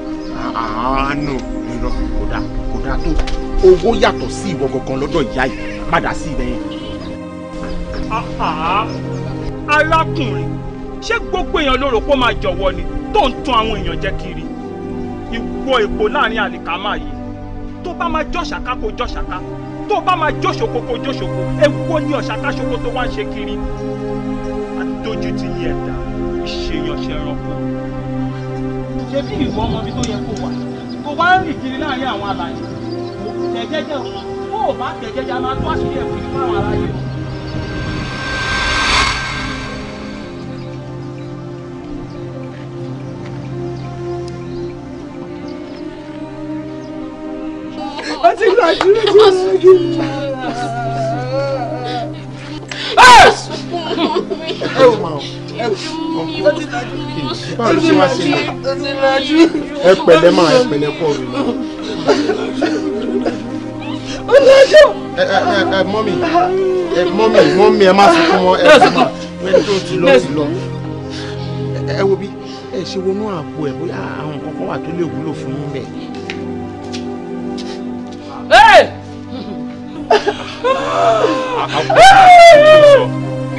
àánú irọ́ kódà kódà tó owó yàtọ̀ sí ìwọ gangan lọ́dọ̀ ìyá yìí padà sí ibẹ̀ yẹn arákùnrin ṣé gbogbo èèyàn ló rò pé ó máa jọ̀wọ́ ni tó ń tún àwọn èèyàn jẹ kiri ìwọ èpò láàrin àlìkámà yìí tó bá máa jọ́ ṣàká kó jọ́ ṣàká tó bá máa jọ́ ṣòkó kó jọ́ ṣòkó èwo ni ọ̀ṣàká ṣòkó tó wá ń ṣe kiri àdójú ti yí ẹ̀dá ìṣèyànṣẹ́ ẹranko. ṣé bí ìwọ ọmọ mi tó yẹ kó wà kó wá ń rìn kiri láàrin àwọn àlàyé kò tẹ̀ jẹ́jẹ́ o kó o bá tẹ̀ a máa tó àṣírí ẹ̀kú ní fáwọn aráyé o. ẹ ò máa ẹ pẹ̀lẹ́ rẹ. ẹ ẹ ẹ ẹ mọ́mì mọ́mì ẹ má sunkún mọ́ ẹ sì má wẹ́n tó ti lọ sí lọ ẹ wo bí ẹ ṣe wọnú àpò ẹ bóyá àwọn nǹkan kan wà tó lè wúlò fún yín bẹ́ẹ̀.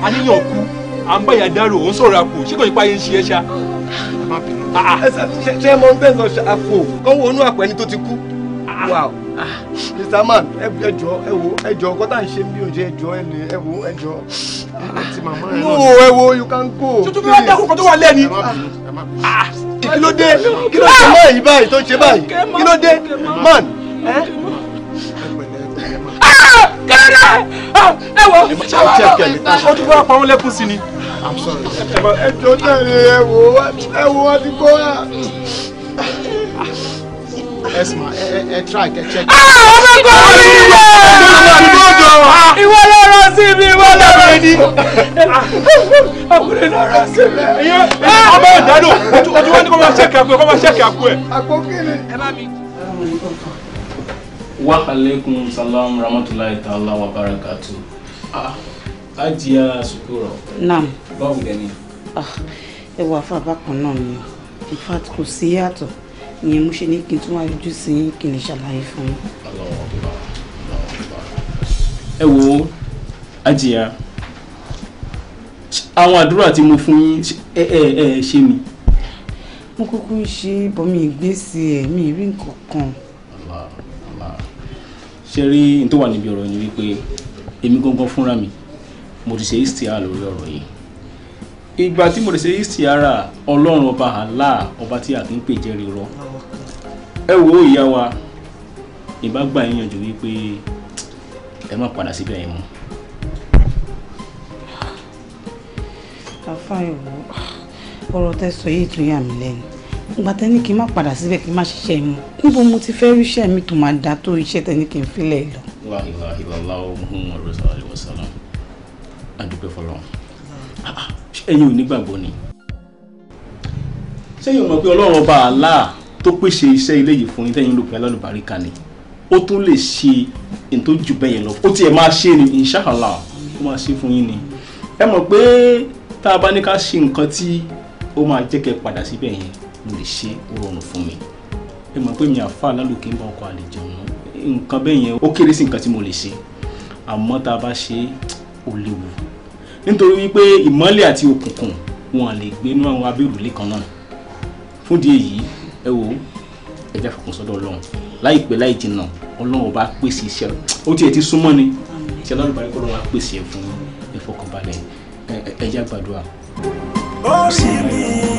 àníyàn kú à ń báyà dárò òun sọ̀rọ̀ àpò ṣé kò ní páyé ń ṣe ṣá. ṣé mo ń bẹ̀ sọ àpò kọ́ wo inú àpò ẹni tó ti kú. Ah, ah. Mr. Man ẹ jọ ẹ wo ẹ jọ ọkọ tá à ń ṣe bí oúnjẹ ẹ jọ ẹ lè ẹ wo ẹ jọ ti màmá rẹ náà. mo ẹ wo you can go. tuntun bí wọn dẹkùn kan tó wà lẹ́ni. Ah, kí ló dé kí ló dé kí ló dé man lọ. Ah, ẹ wọ o ti bọ́ra pa wọn lẹ́kùn sí ni. I'm sorry. ẹ jọ náà ẹ wò ẹ wò wọn ti bọ́ra. Yes ma, ẹ ẹ try kẹ check. Àwọn ah, ọmọ ẹ̀kọ́ mi ah, yẹ. Ìwọ ló rọ sí mi, ìwọ ló rọ sí mi. Ọkùnrin ló rọ sí mi. Ọmọ ẹ̀dá lò, ojú wọn ni kò máa ṣẹ́kì àpò ẹ̀, kò máa ṣẹ́kì àpò ẹ̀. Àpò kìíní. Ẹ bá mi wa alaikum salam rahmatullahi ta'ala wa barakatu a ah, ajiya sukuro naam báwo dẹ ni. Ah, ẹ wà fún abákan náà ni in fact kò sí yàtọ̀ ìyẹn mo ṣe ní kí n tún wá yọjú sí kí n lè ṣàlàyé fún yín. ẹ wo ajiya àwọn àdúrà tí mo fún yín ẹ ẹ ẹ ṣe mi. mo kúkú ń ṣe bọ́mi ìgbésí ẹ̀ mi rí nǹkan kan. ṣe rí n tó wà níbi ọ̀rọ̀ yìí wípé èmi gangan fúnra mi mo ti ṣe istia lórí ọ̀rọ̀ yìí ìgbà tí mo ti ṣe istia ra ọlọ́run ọba àlá ọba tí a kì í pè jẹ́rìí rọ ẹ wo ìyá wa ìbá gbà yín yanjú wípé ẹ má padà síbẹ̀ yẹn mọ́. àfàìwò ọ̀rọ̀ tẹ́ sọ yìí tún yà mí lẹ́nu ìgbà tẹ́ni kí n má padà síbẹ̀ kí n má ṣiṣẹ́ mi níbo mo ti fẹ́ ríṣẹ́ mi tó máa dá tó iṣẹ́ tẹ́ni kí n filẹ̀ lọ. wa salam adúpẹ́ fọlọ́run ẹ̀yin ò nígbàgbọ́ ni sẹ́yìn mọ̀ pé ọlọ́run ọba àlá tó pèsè iṣẹ́ ilé yìí fún yín tẹ́yìn olùpẹ́ alálùbáríkà ni ó tún lè ṣe ètò jù bẹ́ẹ̀ yẹn lọ ó tiẹ̀ máa ṣe ni inṣàlá ó máa ṣe fún yín ni ẹ mọ̀ pé tá a bá ní ká ṣe nǹkan tí ó máa jẹ́ kẹ́ padà síbẹ̀ yẹn mo lè ṣe ó rọrùn fún mi ẹ mọ̀ pé mi àfa alálùkí ń bá ọkọ̀ àlejò ọ̀nà nǹkan bẹ́ẹ̀ yẹn ó kéré sí nǹkan tí mo lè ṣe àmọ́ tá a bá ṣe ó léwu nítorí wípé ìmọ́lẹ̀ àti òkùnkùn wọn lè gbé inú àwọn abẹ́ òrùlé kan náà fúndì èyí ẹ wò ó ẹ jẹ́ fọkàn sọ́dọ̀ ọlọ́run láìpẹ́ láì jìnnà ọlọ́run ọba pèsè iṣẹ́ ó tiẹ̀ ti súnmọ́ ni tí alálùbárí kọ́ ló wá pèsè ẹ̀ fún ìfọkànbalẹ̀ ẹ jẹ́ gbàdúrà. ó sì ní.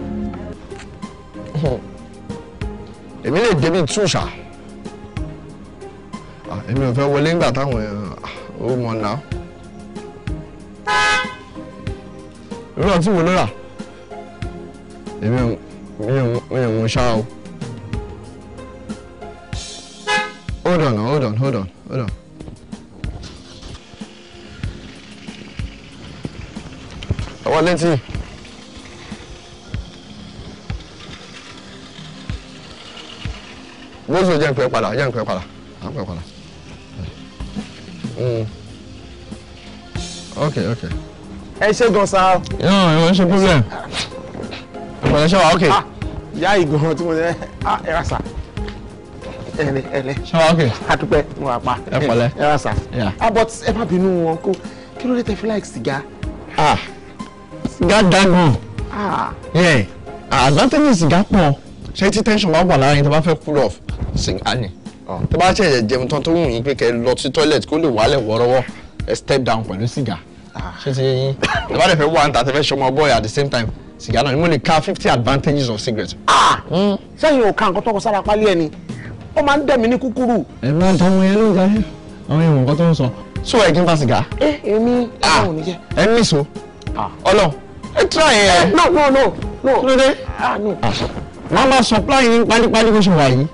èmi lè jẹ́ bíi two èmi ò fẹ́ wọlé ńgbà táwọn ò mọ̀ náà irú ọtí wo ló rà èmi ò mú ṣá o hold on hold on hold on hold on. ọwọ́ létí. bóso jẹ́ nǹkan padà jẹ́ nǹkan padà à ń pẹ́ padà. Hmm. ok ok. ẹ ṣe gan sa. yóò yóò ń ṣe problem ìpàdé ṣe wa ok. Ah, yá ìgbọ̀n tí mo ní ah, ẹ rà sá ẹlẹ ẹlẹ. ṣé wàá ok. adúpẹ́ mo wà pa. ẹ pọ̀lẹ́. ẹ rà sá. abọ́t ẹ má bínú wọn kó kí ló dé tẹ fi láì sìgá. Ah, sìgá dagun. yẹ àdántẹ́ni sìgá pọ̀ ṣé tí tẹ́ńsán bá wà láàrin tó bá fẹ́ cool off sìnkáàní tó bá ṣẹ̀ṣẹ̀ jẹun tán tó wù yín pé kẹ́ ẹ lọ sí toilet kó lè wálẹ̀ wọ́rọ́wọ́ ẹ step down pẹ̀lú sìgá ah. ṣé ti yé yín ẹ bá dẹ̀ fẹ́ wà níta tẹ́ fẹ́ ṣọmọ boy at the same time sìgá náà ni mo lè ka fifty advantages of cigarette. Ah! Hmm? sẹ́yìn ò ka nǹkan tó kọ sára pálí ẹni ó máa ń dẹ̀mí ní kúkúrú. ẹ máa ń tọ́ ọmọ yẹn ló ń ga yẹn àwọn èèyàn nǹkan tó ń sọ. so ẹ kí n fa sìgá. ẹ èmi ah. Ọlọ́run ò ní jẹ. ẹ ń mìso Ọlọ́run ẹ try ẹ. Eh, no no no no. kí ló dé. ah no. màá supply yín pálípálí bó ṣe wà yìí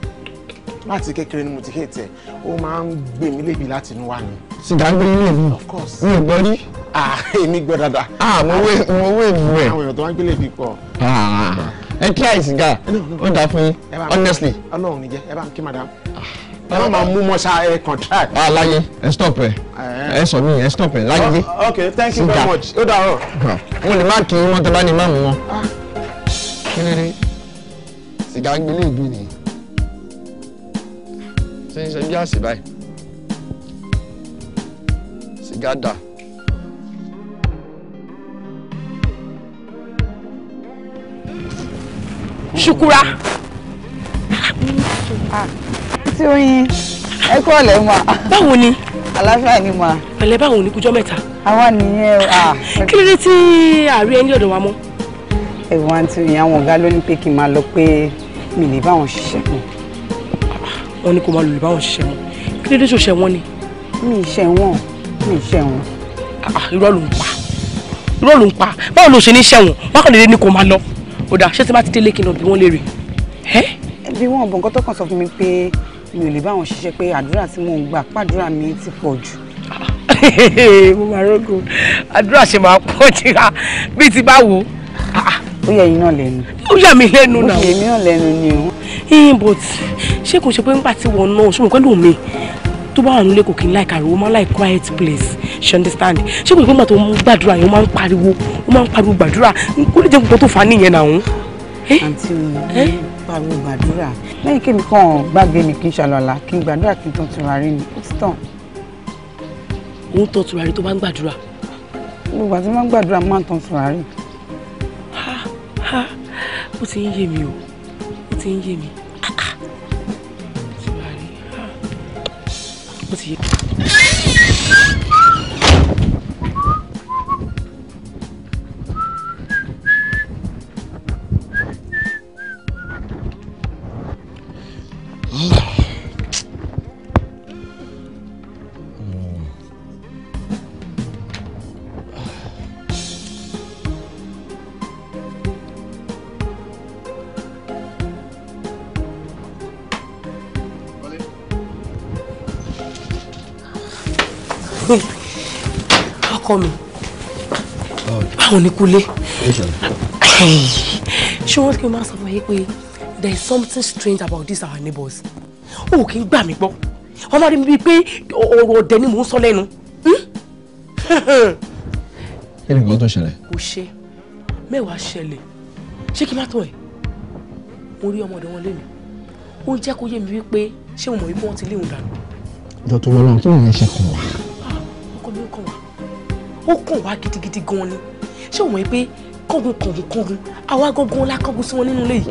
láti kékeré ni mo ti hate ẹ ó máa ń gbè mí lébi láti inú wa ni. sìgá gbé ilé mi of course mi ò gbọ́ rí. èmi gbọ́ dáadáa. mo wé mo wé ìlú rẹ̀. àwọn èèyàn tó wá ń gbélé bí pọ̀. ẹ kí àìsí gà ó dáa fún yín honestly. Ọlọ́run ní jẹ ẹ bá ń kí madam ah. ẹ má máa mú mọ́ṣá ẹ kàn try. a láyé ẹ stop ẹ eh. ẹ sọ mí ẹ stop ẹ láyé. Oh, ok thank you very much ó dàárọ̀. mo lè má kí wọn tó bá má mú wọn. Ah. kí ló sìgá gbélé ìgbín nìyí fi ń ṣe bí àṣì báyìí sìgá dà. ṣukura. tí oyin ẹ kú ọ̀lẹ́ mà. báwo ni. àlàáfíà ni mà. pẹ̀lẹ́ báwo ni kújọ́ mẹ́ta. àwa nìyẹn o. Ah. kí ló dé tí àárí ẹni lọ́dọ̀ wa mọ́. ẹ̀wọ̀n àti ìyá àwọn ọ̀gá ló ní pé kí n máa lọ pé mi lè bá ṣiṣẹ́ kan wọ́n ní kó máa lòlù báwọn ṣiṣẹ́ wọn kí ló dé wọn ni. mi ì wọn mi ì ṣe wọn. Ah, ah, irọ́ ló ń pa irọ́ ló ń pa báwo ló ṣe ní ṣẹ̀wọ̀n wọn kàn déédéé ní kó máa lọ ó ṣé tí bá ti délé kí n bí wọ́n lè rè. bí wọn bọ̀ nǹkan tó kàn sọ fún mi pé mi ò lè báwọn ṣiṣẹ́ pé àdúrà tí mò ń gbà pàdúrà mi ti pọ̀ jù. Ah, mo máa rọ́gò àdúrà ṣe máa pọ̀ jìra bíi ti báwo. ó yẹ yín náà lẹ́nu. ó yà mí lẹ́nu náà. ó yẹ mí náà lẹ́nu ni o ẹ̀yìn eh, but ṣé kò ṣe pé nígbà tí wọn náà ṣùgbọ́n pẹ́lú mi tó bá wà nílé kò kí n like ariwo máa like quiet place she understand ṣé kò ṣe pé nígbà tó ń gbàdúrà yẹn ó máa ń pariwo ó máa ń pariwo gbàdúrà kó lè jẹ́ nǹkan tó fà á nìyẹn náà òun. Eh? àǹtí mi eh? pariwo gbàdúrà lẹ́yìn kí mi kàn gbàgbé mi kí n ṣàlọ́lá kí n gbàdúrà kí n tán tura rí mi ó ti tàn. ó ń tọ́ tura rí tó bá ń gbàdúrà. gbogbo àti máa gbàdúrà máa ń tán tura rí. ó ti ń yé mi o ó ti ń yé mi. bó ọkọ mi báwo ni kúlé ṣé wọ́n kí n máa sọ fún yín pé there is something strange about these our neighbors o kì í gbà mí gbọ́ wọ́n máa rí mi bíi pé ọ̀rọ̀ ọ̀dẹ ni mò ń sọ lẹ́nu. Hmm? kí ni nǹkan tó ṣẹlẹ̀. kò ṣe mẹ́wàá ṣẹlẹ̀ ṣé kí n má tọ̀ ẹ́ mo rí ọmọdé wọn lẹ́nu ó ń jẹ́ kó yé mi wípé ṣé mo mọ̀ wípé wọ́n ti léwu dànù. ìjọ tó wọlé wọn kí ni ìyẹn ṣe ah, kàn wá. ọkọ mi ò kàn wá ó kàn wá gidigidi gan ni ṣé òun pé kọ́gun kọ̀gun kọ́gun àwa gangan la kọ́gun sí wọn nínú ilé yìí.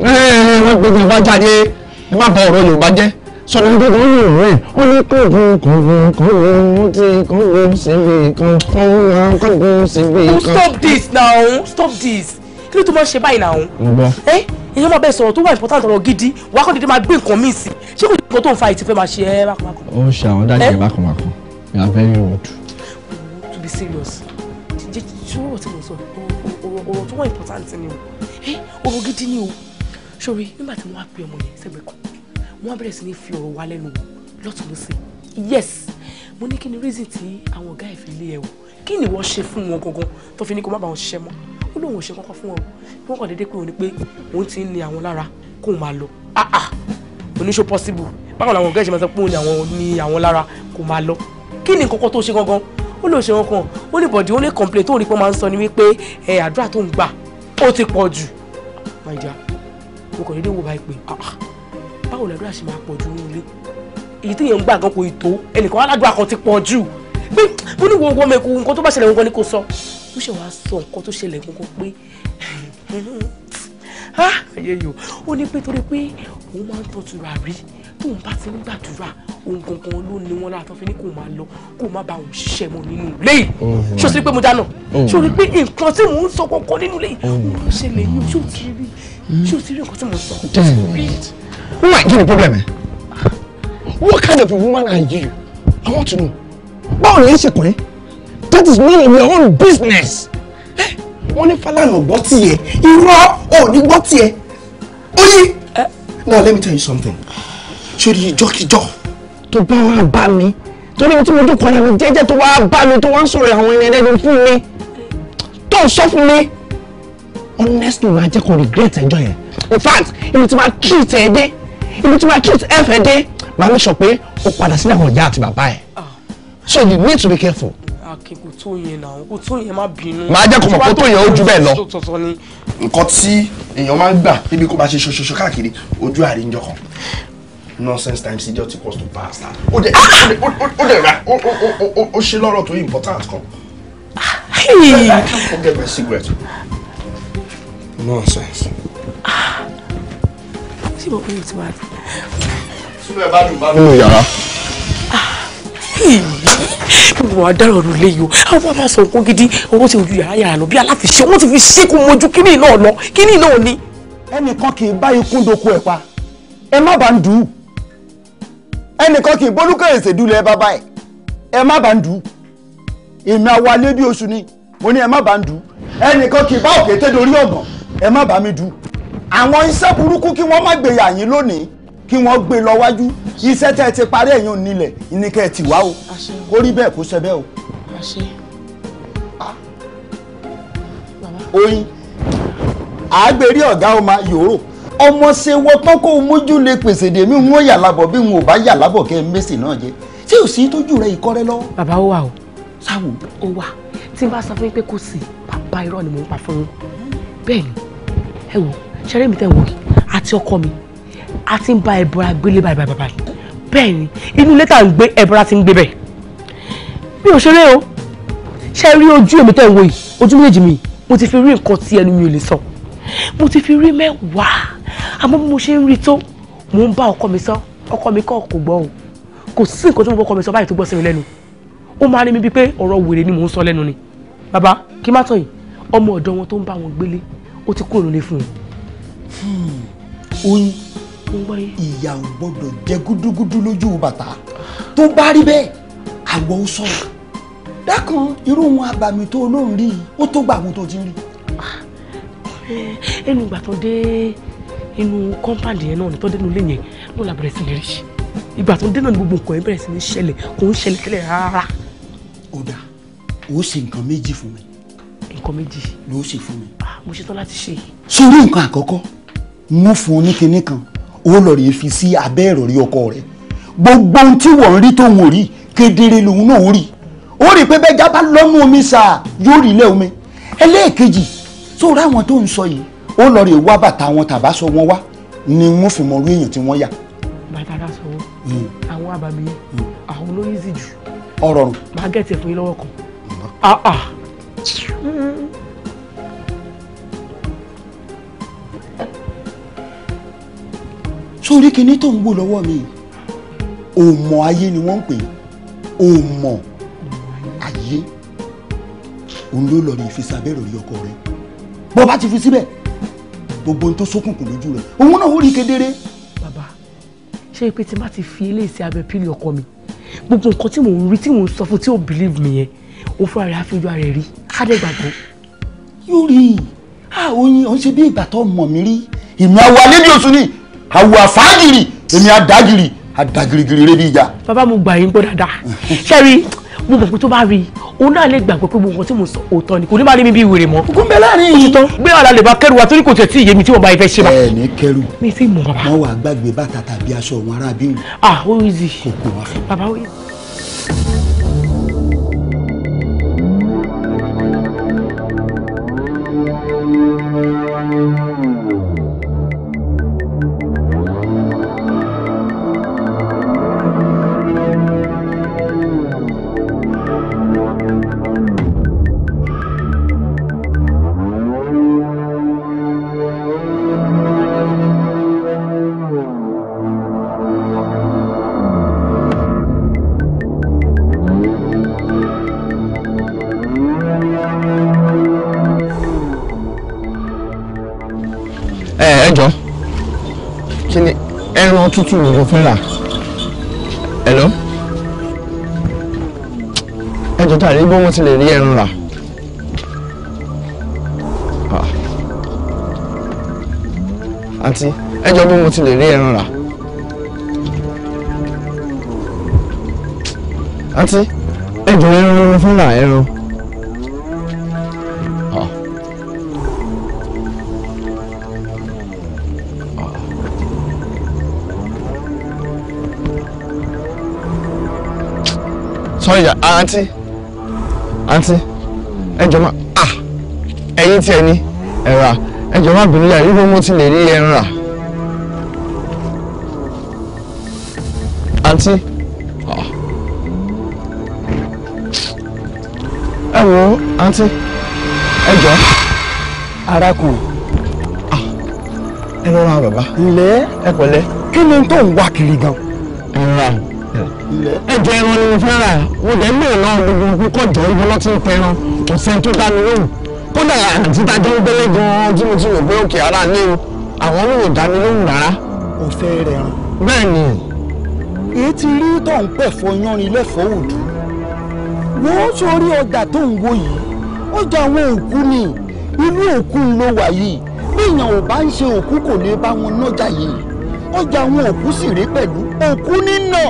wọ́n gbogbo bá jáde má bá ọ̀rọ̀ Yorùbá jẹ́ sọ̀rọ̀ gbogbo ní ìwé ó ní kọ́gun kọ́gun kọ́gun ó ti kọ́gun síbi kan kọ́gun kọ́gun síbi oh, kan. stop this now stop this kí ló tó máa ṣe báyìí now. ǹgbọ́ èyàn máa bẹ sọ̀rọ̀ tó wà important ọ̀rọ̀ gidi wà á kọ́ dédé máa gbé nǹkan míì sí ṣé kò nǹkan tó ń fa ìtìpẹ́ máa ṣe ẹ́ bákan bákan. ó ṣe àwọn dájú ẹ bákan bákan you are very rude. to be serious ṣòro tí mo sọ ọ̀rọ̀ important ni you? Hey, oh, ni o ṣòro nígbà tí wọ́n á pay your money. sẹ́gbẹ̀ẹ́ kan wọ́n á bẹ̀rẹ̀ sí ní fi ọ̀rọ̀ Lots of lọ́tún yes Money can kí ni reason tí àwọn ọ̀gá ẹ̀ fi lé ẹ o kí ni wọ́n ṣe fún wọn gangan tó fi ní kó má bá phone. ṣiṣẹ́ mọ́ ó lóun ò ṣe kankan fún wọn o wọ́n kàn déédéé pé òun ni ah ah oníṣó possible báwo possible? ọ̀gá ẹ̀ ṣe máa sọ pé òun ni àwọn Come àwọn lára kó máa lọ kí ni nǹkan ó lè ṣe wọn kan ó lè bọ̀dí ó lè complain tó ń rí pé máa ń sọ ni wípé ẹ àdúrà tó ń gbà ó ti pọ̀ jù my dear mo kàn déédéé wo báyìí pé ah, ah, báwo làdúrà ṣe máa pọ̀ jù nílé èyí tí yẹn ń gbà gan kò ì tó ẹnìkan aládùúgbà kan ti pọ̀ jù pé mo ní wo wọ́n mẹ́kù nǹkan tó bá ṣẹlẹ̀ gangan ni kò sọ ó ṣe wàá sọ nǹkan tó ṣẹlẹ̀ gangan pé ah, ayé yòó ó ní pé torí pé òun máa ń tọ́tura rí tóun bá ti ń gbàdúrà òun gangan ló ní wọn látọ́ fi ní kó máa lọ kó má ba òun ṣiṣẹ́ mọ́ nínú ilé yìí mhm. ṣó sì pé mo dáná mhm. ṣó rí pé nǹkan tí mò ń sọ kankan nínú ilé yìí òun mhm. ṣẹlẹ̀ yìí ṣó ti rí hmm? ṣó ti rí nǹkan tí mò ń sọ. wọ́n oh kí ni problem ẹ̀ what kind of a woman are you i want to know báwo ni ẹ ṣe pín that is none of your own business eh, wọ́n ní Fálànà ò gbọ́ tiẹ̀ irọ́ ò ní gbọ́ tiẹ̀ ó yí eh. now let me tell you something sórí ìjọ́kíjọ́. tó bá wàá bá mi torí ohun tí mo dúkọ ara mi jẹ́jẹ́ tó wàá bá mi tó wàá sọ̀rọ̀ àwọn ẹni ẹlẹ́ni fún mi tó sọ fún mi honestly máa jẹ́ kó regret ẹjọ́ yẹn in fact ibi tí máa treat ẹ dé ibi tí máa treat ẹ fẹ́ dé máa mi sọ pé ó padà sílẹ̀ àwọn ìyá àti bàbá ẹ̀ ah. so you need to be careful ah, kò tó yẹn náà kò tó yẹn má bínú. màá jẹ́ kó mọ̀ kó tó yẹn ó ju bẹ́ẹ̀ lọ. nǹkan tí èèyàn máa ń gbà níbi kó máa ṣe ṣoṣoṣo káàkiri ojú àríyànjọ kan nonsense times idiot equals to pass. bastard ó dẹ̀ o, dẹ̀ ra o, ṣe lọ́rọ̀ tó important kan I can't forget my cigarette nonsense. ṣé mo kúrò tí wàá di. síbẹ̀ bá dùn bá dùn. nínú yàrá. gbogbo àwọn adarọ̀ ọ̀run lè yọ àwọn bàbá sọ nǹkan gidi owó ti ojú yàrá yàrá lọ bí aláfiṣe owó ti fi ṣẹ́kù mojú kíní náà lọ kíní náà ni. ẹnìkan kì í bá ikú doko ẹ̀ pa ẹ má bàa ń dùn ún ẹnìkan kì í bólúkẹ́ ìṣèdúlẹ̀ bàbá ẹ̀ ẹ má bá ń dù ú èmi àwa lé bí oṣù ni mo ní ẹ má bá ń dù ú ẹnìkan kì í bá òkè tẹ́ dorí ọ̀gàn ẹ má bá mi dù ú. àwọn iṣẹ́ burúkú kí wọ́n má gbé yàyín lónìí kí wọ́n gbé lọ wájú iṣẹ́ tẹ́ ẹ ti parí ẹ̀yìn onílẹ̀ ní kẹ́ ẹ ti wá o kó rí bẹ́ẹ̀ kó ṣe bẹ́ẹ̀ o. oyin àgbèrè ọ̀gá ọmọ yòóró ọmọ ṣe wọ tán kó o mójú lè pèsè dèmí n ó yà lábọ̀ bí n ò bá yà lábọ̀ kẹ́ ẹ mẹ́sì náà jẹ tí ò sí tójú rẹ ìkọ́ rẹ bàbá ó wà o. sáwò. ó wà tí n bá sọ fún yín pé kò sí bàbá irọ́ ni mò ń pa fún yín bẹ́ẹ̀ ni ẹ wò ṣeré mi tẹ̀ wò yìí àti ọkọ mi a ti ń ba ẹ̀bùra gbélé báyìí báyìí báyìí bẹ́ẹ̀ ni inú ilé tá à ń gbé ẹ̀bùra ti ń gbé bẹ́ẹ̀ mi ò ṣeré o ṣe rí ojú èmi tẹ̀ wò yìí ojú méjèèjì mi mo ti fi rí nǹkan tí ẹnu mo ti fi rí mẹ́wàá àmọ́ bí mo ṣe ń rí tó mò ń bá ọkọ mi sọ ọkọ mi kọ́ kò gbọ́ o kò sí nǹkan tí mo bọ́ ọkọ mi sọ báyìí tó gbọ́ sí mi lẹ́nu ó máa rí mi bíi pé ọ̀rọ̀ wèrè ni mò ń sọ lẹ́nu ni bàbá kí má tọ̀yìn ọmọ ọ̀dọ̀ wọn tó ń bá wọn gbélé ó ti kúrò nílé fún un. oyin ìyà ò gbọ́dọ̀ jẹ́ gúdúgúdú lójú bàtà tó bá rí bẹ́ẹ̀ àwọ̀ ó sọ̀rọ̀ dákan irú wọn abàmì tó olóhùn ó tó gbà tó ti rí Eh, ẹnu ìgbà tó dé inú kọ́ńpáàdì yẹn náà tó dé inú ilé yẹn náà la bẹ̀rẹ̀ sí ní rí ìgbà tó dé náà ni gbogbo nǹkan yẹn bẹ̀rẹ̀ sí ní ṣẹlẹ̀ kò ń ṣẹlẹ̀ tẹ́lẹ̀ rárá. ó dà ó ṣe nǹkan méjì fún mi. nǹkan méjì. ló ṣe fún mi. Ah, mo ṣetán láti ṣe. sórí nǹkan àkọ́kọ́ mú fún un ní kinní kan ó lọ rèé fi sí abẹ́ ìrọ̀rí ọkọ rẹ̀ gbogbo ohun tí wọ́n ń rí tóun ò rí kedere lòun náà rí ó rí i pé bẹ́ẹ̀ jábá lọ́nu omi sáà yóò rí ilé omi ẹlẹ́ẹ̀kejì so ráwọn tó ń sọ yìí ó lọ rè wá bàtà wọn tàbá sọ wọn wá ni wọ́n fi mọ orí èèyàn tí wọ́n yà. bàtà ká sọ wọ́n hmm. àwọn àbàmì hmm. àwọn ló yíṣì jù. ọ̀rọ̀ rùn. máa gẹ̀ẹ́tì fún yín lọ́wọ́ kan. Ah, ah. sórí kinní tó ń wò lọ́wọ́ mi òmò ayé ni wọ́n ń pè òmò ayé òun ló lọ rí ìfisábẹ́rò rí ọkọ rẹ̀ bó bá ti fi síbẹ̀ gbogbo ohun tó ṣókùnkùn lójú rẹ̀ òun náà ó rí kedere. bàbá ṣé pé tí n bá ti fi eléyìí sí abẹ pílì ọkọ mi gbogbo nǹkan tí mò ń rí tí mò ń sọ fún tí ò believe mi yẹn ó fúnra rẹ̀ á fi ojú ara rẹ̀ rí kádẹ́gbàgbọ́. yóò rí i a ò yin òun ṣe bí ìgbà tó mọ̀ mí rí ìmọ̀ àwọ̀ alẹ́bí oṣù ni àwọ̀ àfáàgìrì èmi àdágìrì àdàgìrìgìrì rẹ̀ bí ìjà. bàbá mo gbà yín gbọ́ dáadáa ṣẹ́rí mo mọ̀ pé tó bá rí òun náà lè gbàgbọ́ pé gbogbo nǹkan mo sọ òótọ́ ni kò ní máa rí mi bí wèrè mọ́. kò ń bẹ láàrin yìí tán. gbé àlà lè bá kẹrù wa torí kò tẹ̀ tí ìyẹmi tí wọ́n bá ifẹ̀ ṣe bá. ẹ kẹrù mi ti mọ bàbá. wọn wà gbàgbé bàtà tàbí aṣọ òun arábìnrin. ah ó yìí. kò kò wá. bàbá ó tútù wo ló fẹ́ rà. hello. ẹ jọ tàbí bó wọn ah. ti lè rí ẹran rà. àǹtí ẹ jọ bó mo ti lè rí ẹran rà. àǹtí ẹ jọ ẹran fẹ́ rà ẹran. sorry ya ah, aunty aunty ẹ ah ẹ̀yin tí ẹ ní ẹ ra ẹ jọ̀ọ́ má bínú yà yíbo mo ti lè rí ẹ ń rà aunty ah. ẹ wo aunty ẹ jọ̀ọ́ arákùnrin ah. ẹ lọ́ra bàbá ǹlẹ́ ẹ ẹjọ ẹran ni mo fẹ́ rà wọ́n lẹ́ mọ̀ náà gbogbo púpọ̀ jọ ibi wọ́n ti ń tó dá mi lóhùn kódà àti tájọ́ ń gbélé gan-an jìnnìjìnnì pé òkè ara ní o àwọn náà ò lóhùn rárá. o fẹ́ rẹ̀ hàn. bẹ́ẹ̀ ni. èyí ti rí tó ń pẹ̀fọ́ yanrìn lẹ́fọ̀ọ́ òdù wọ́n sórí ọjà tó ń wo yìí ọjà àwọn òkú ni ìlú òkú ló wà yìí bíyàn ò bá ń ṣe òkú kò lè bá wọn nájà yìí ọjà àwọn òkú sì rí pẹ̀lú òkú nínà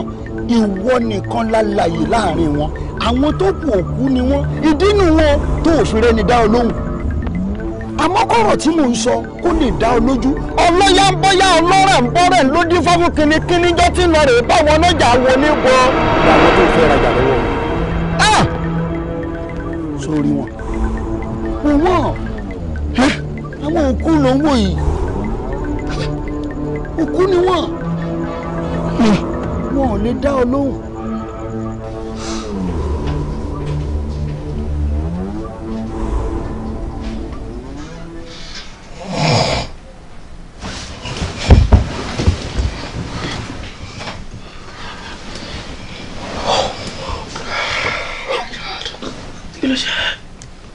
ìwọ nìkan lálàyè láàrin wọn àwọn tó kù òkú ni wọn ìdínú wọn tó òfìrẹ́ ni dá ọ lóhùn àmọ́ kọ̀rọ̀ tí mò ń sọ kó lè dá ọ lójú ọlọ́yà ń bọ́yà ọlọ́rẹ̀ ń bọ́rẹ̀ ló dín fáwọn kìnnìkìnnì jọ́ tí ń báwọn ọlọ́jà wo ní gbọ́. tó fẹ́ rajà lọ́wọ́ rẹ̀. sórí wọn wọn àwọn òkú ló ń yìí òkú ni wọn wọn ò lè dá ọ lóhùn.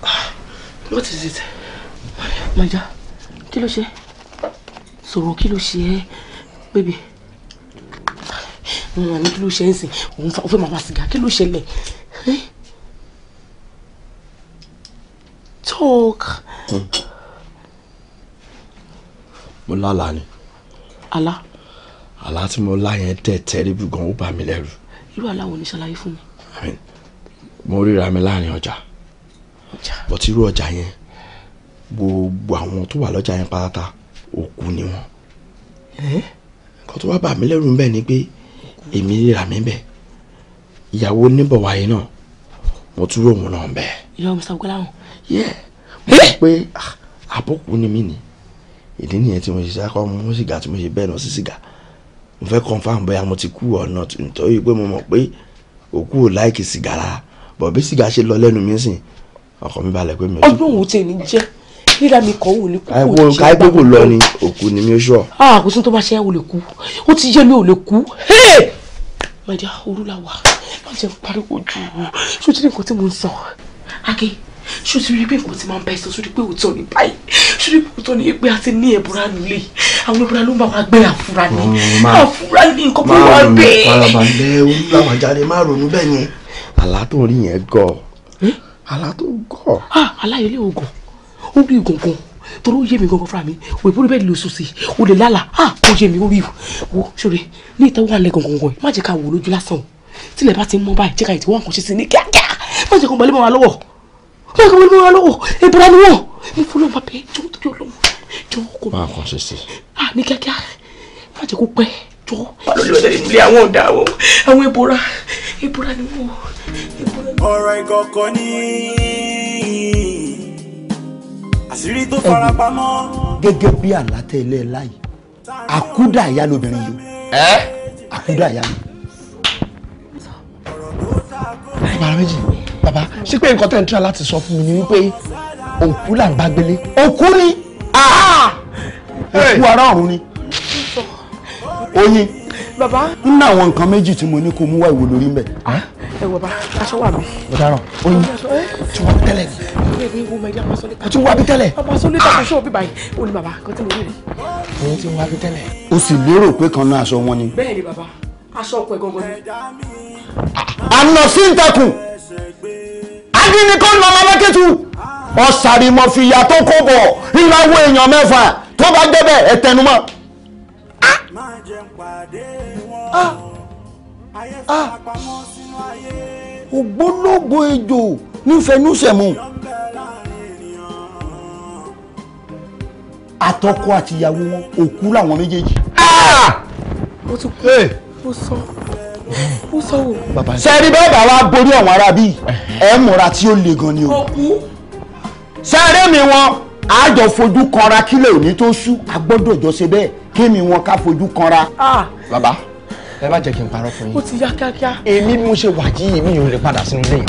Ah, what is it? Maja, kí ló ṣe? Sọ̀rọ̀ kí ló ṣe ẹ́, baby? mo wà ní kí ló ṣe ń sìn òun fẹ́ máa fa sìgá kí ló ṣẹlẹ̀ talk. Hmm. mo lálàá ni. àlá. àlá tí mo lá yẹn tẹ̀ tẹ́rìbù gan ó bà mí lẹ́rù. irú àlá wo ni ṣàlàyé fún mi. mo ríra mi láàrin ọjà bọ́tí irú ọjà yẹn gbogbo àwọn tó wà lọ́jà yẹn pátá òkú ni wọ́n. nǹkan tó wá bà mí lẹ́rù ń bẹ̀ ni pé. Eh? èmi ríra mi bẹ̀ ìyàwó oníbọ̀wá yìí náà mo tún rò wọn náà bẹ̀. ìyá Mr. Gbọ́láhùn. yẹ mo rò pé ah, àbùkù ni mí ni ìdí nìyẹn tí mo ṣe ṣe akọ mú sìgá tí mo ṣe bẹ́ẹ̀ náà sí sìgá mo fẹ́ confam bóyá mo ti kú ọ̀nà nítorí pé mo mọ̀ pé òkú ò láìkì sìgá rárá bọ̀ bí sìgá ṣe lọ lẹ́nu mi sìn ọkàn mi balẹ̀ pé mi ọdún wo tèmi jẹ́ ríra mi kàn wò lè kú. àìwọ káyé pé kò lọ ni òkú ni mi ò sọ. àkóso tó bá ṣe ò lè kú ó ti yé mi ò lè kú. màdìá olúlàwà má jẹ́ pariwo jù ú ṣó ti rí nǹkan tí mo ń sọ. ake ṣó ti rí pé nǹkan tí máa ń bá ẹ sọ ṣó ti pé òótọ́ ni báyìí ṣó ti pé òótọ́ ni pé a ti ní ẹ̀bùrà nílé àwọn ẹ̀bùrà ló ń bá wa gbé àfúrà ni mm, àfúrà ni nǹkan pé wọ́n bẹ̀. máa ronú farabalẹ̀ olúlàwà jáde má ronú bẹ́ẹ̀ yẹn àlá tó rí yẹn gọ̀ àlá tó gọ̀. Ah, aláyọ̀ ilé oògùn ó rí ìgùngùn torí ó yé mi gangan fúnra mi òyìnbó ló bẹ́ẹ̀ lò sùn sí o lè lálà á ó ah, yé mi ó rí ìwò wo ṣòro ní ìtàn wà lẹ́gàn gangan má jẹ́ ká wò lójú lásán o tílẹ̀ bá ti mọ́ báyìí jẹ́ ká ìtìwọ́ nǹkan ṣe sí ní kíákíá má jẹ́ kó balẹ̀ mọ́ wa lọ́wọ́ má jẹ́ kó balẹ̀ mọ́ wa lọ́wọ́ ìbúra ni wọ́n mo fọlọ́ ma bẹ́ẹ̀ jọ́ tó jọ́ jọ́ kó má kàn ṣe sí. à ah, ní àṣírí tó fara pamọ́. gẹ́gẹ́ bí àlátẹ̀ ilé ẹ̀ láyìí àkúdà ìyá lobìnrin yìí àkúdà ìyá mi. bàbá méjì bàbá ṣé pé nǹkan tẹ̀ ń tíra láti sọ fún mi ni wípé òkú là ń bá gbélé òkú ni ah! òkú ara ọ̀run ni oyin. bàbá. ń àwọn nǹkan méjì tí mo ní kó mú wá ìwò lórí mbẹ ẹ wọ bá aṣọ wà mí. o dáràn oyin tí wọ́n bí tẹ́lẹ̀ ni. o ti wá bí tẹ́lẹ̀. ọmọ sọlẹ tàbí aṣọ òbí báyìí o ní bàbá kan tí mo rí rí. oyin ti wá bí tẹ́lẹ̀. o sì lérò pé kan náà aṣọ wọn ni. bẹ́ẹ̀ ni bàbá aṣọ ọkọ ẹ̀ gangan ni. àná sí ìtẹkùn adínìkan lọ́mọ lẹ́kẹ̀tù ọ̀sàrìmọ̀ fìyà tó kó bọ̀ ìlàwọ̀ èèyàn mẹ́fà tó bá débẹ̀ ẹ tẹnumọ́. ah ah ah ògbólógbò ejò nífẹ̀ẹ́núṣẹ̀mú àtọkọ àtìyàwó wọn òkú làwọn méjèèjì. ó ah! ti kú ó eh! sọ ó sọ wò. sẹ́ẹ̀rí bẹ́ẹ̀ bá wa borí àwọn ará bíi eh. ẹ̀ múra tí ó le gan ni o. sẹ́ẹ̀rí mi wọn àjọ fojú kanra kílẹ̀ òní tó sú a gbọ́dọ̀ jọ ṣe bẹ́ẹ̀ kí mi wọn ká fojú kanra. Ah! bàbá. Ah ẹ má jẹ́ kí n parọ́ fún yín. ó ti yá kíákíá. èmi bí mo ṣe wà yìí mi ò lè padà sínú ilé yẹn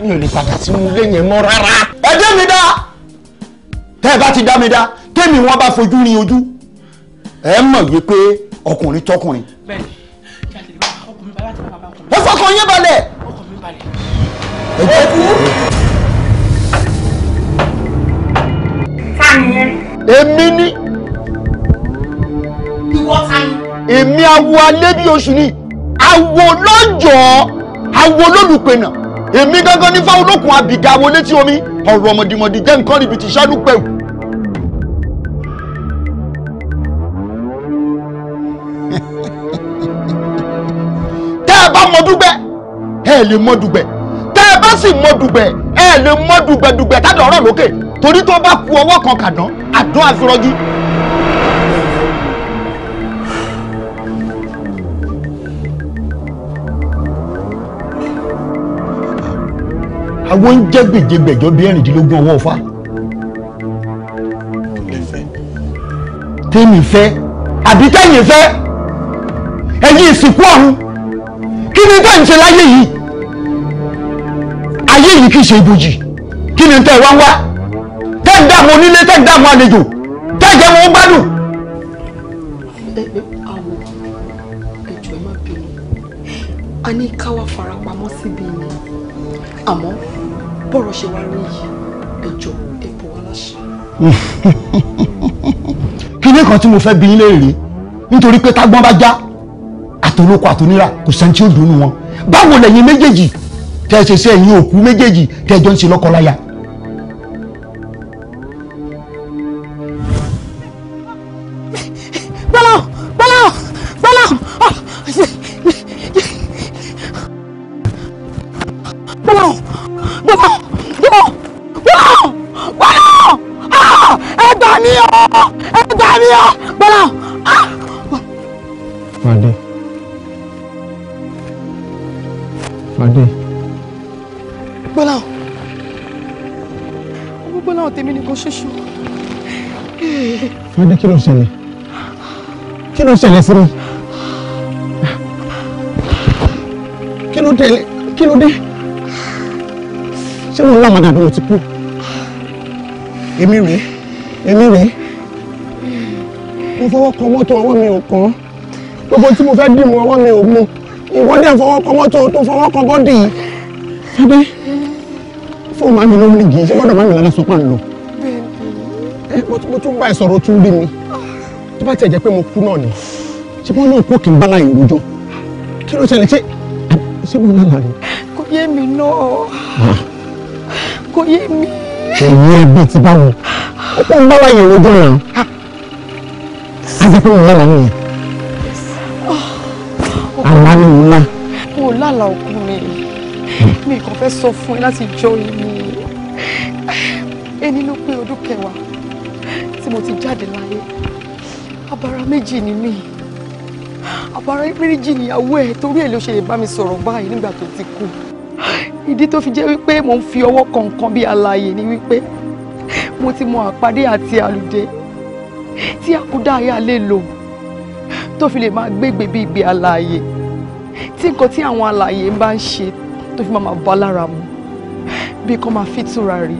mi ò lè padà sínú ilé yẹn mọ́ rárá. ẹ jẹ́ mi dá tẹ́ ẹ bá ti dá mi dá tẹ́mi wọn bá fojú rin ojú ẹ mọ̀ yìí pé ọkùnrin tọkùnrin. bẹ́ẹ̀ni jáde lè wá ọkùnrin bá láti bá bàbá ọkùnrin. ẹ fọkàn yín ẹ jẹ́ kú. èmi ni. ìwọ ta ni èmi awo alẹ́ bí oṣù ni awo lọ́jọ́ awo lólùpẹ̀nà èmi gangan ní fáwọn olókun abìgá awo létí omi ọ̀rọ̀ mọ̀dìmọ̀dì jẹ́ nǹkan ríbi tìṣálú pẹ̀wù. tẹ́ ẹ bá mọ dúgbẹ́ ẹ lè mọ dùgbẹ́ tẹ́ ẹ bá sì mọ dùgbẹ́ ẹ lè mọ dùgbẹ́dùgbẹ́ tádọ̀ ọ̀rọ̀ lókè torí tó bá ku ọwọ́ kan kàdán àdán àfirọ́jú àwọn ń jẹ́ gbèjègbèjọ́ bí ẹ̀rìndínlógún ọwọ́ ọ̀fà. tèmi fẹ́ àbí tẹ̀yìn fẹ́ ẹ̀yin ìsìnkú ọ̀run kí ni bẹ́ẹ̀ ń ṣe láyé yìí ayé yìí kì í ṣe ibojì kí ni tẹ̀ wá wá tẹ̀ ń dààmú onílé tẹ̀ ń dààmú àlejò tẹ̀ jẹ́ wọn gbádùn. a ní káwá farapamọ́ síbi ni àmọ́ bọ́rọ̀ ṣe wá rí yìí ẹjọ́ ẹ̀bùn wa láṣẹ. kíní kan tí mo fẹ́ bi yín léèrè nítorí pé tágbọ́n bá já àtolóko àtonírà kò sẹ́ni tí ó dùn ún wọn báwo lẹ́yìn méjèèjì tẹ́ ẹ ṣe sí ẹ̀yìn òkú méjèèjì tẹ́ ẹ jọ ń ṣe lọ́kọ láya. kí ló ṣẹlẹ̀ kí ló ṣẹlẹ̀ sí mi kí ló dé kí ló dé ṣé mo láwọn àdàbí mo ti kú èmi rèé èmi rèé mo fọwọ́ kan mọ́tò ọwọ́ mi ò kàn gbogbo tí mo fẹ́ dì mọ́ ọwọ́ mi ò mú ìwọ dẹ̀ fọwọ́ kan mọ́tò tó fọwọ́ kan bọ́dì yìí sábẹ́ fóònù ló ń rìn jì ṣé gbọ́dọ̀ màmí lára sọ pàǹlọ́ mo tún bá ẹ sọ̀rọ̀ tún rí mi tó bá tiẹ̀ jẹ́ pé mo kú náà ni ṣé wọ́n náà kó kí n bá láyé rojọ́ kí ló ṣẹlẹ̀ ṣé ṣé mo náà láyé. kò yé mi náà kò yé mi. èyí ẹbí ti bá wọn ó kó ń bá láyé rojọ́ náà á jẹ́ pé mo náà láyé yẹn àlá ni mo lá. mo lálàá òkú mi mi kàn fẹ́ sọ fún ẹ láti jọ ìlú. jáde láyé abara méjì ni mí abara méjì níyàwó ẹ torí ẹ ló ṣe lè bá mi sọ̀rọ̀ báyìí nígbà tó ti kú ìdí tó fi jẹ́ wípé mò ń fi ọwọ́ kọ̀ọ̀kan bí alààyè ni wípé mo ti mọ àpàdé àti àlùdé tí àkúdá ayá lè lò tó fi lè máa gbégbé bí ìgbé alààyè tí nǹkan tí àwọn alààyè bá ń ṣe tó fi máa máa bá lára mu bí kò máa fi túra rí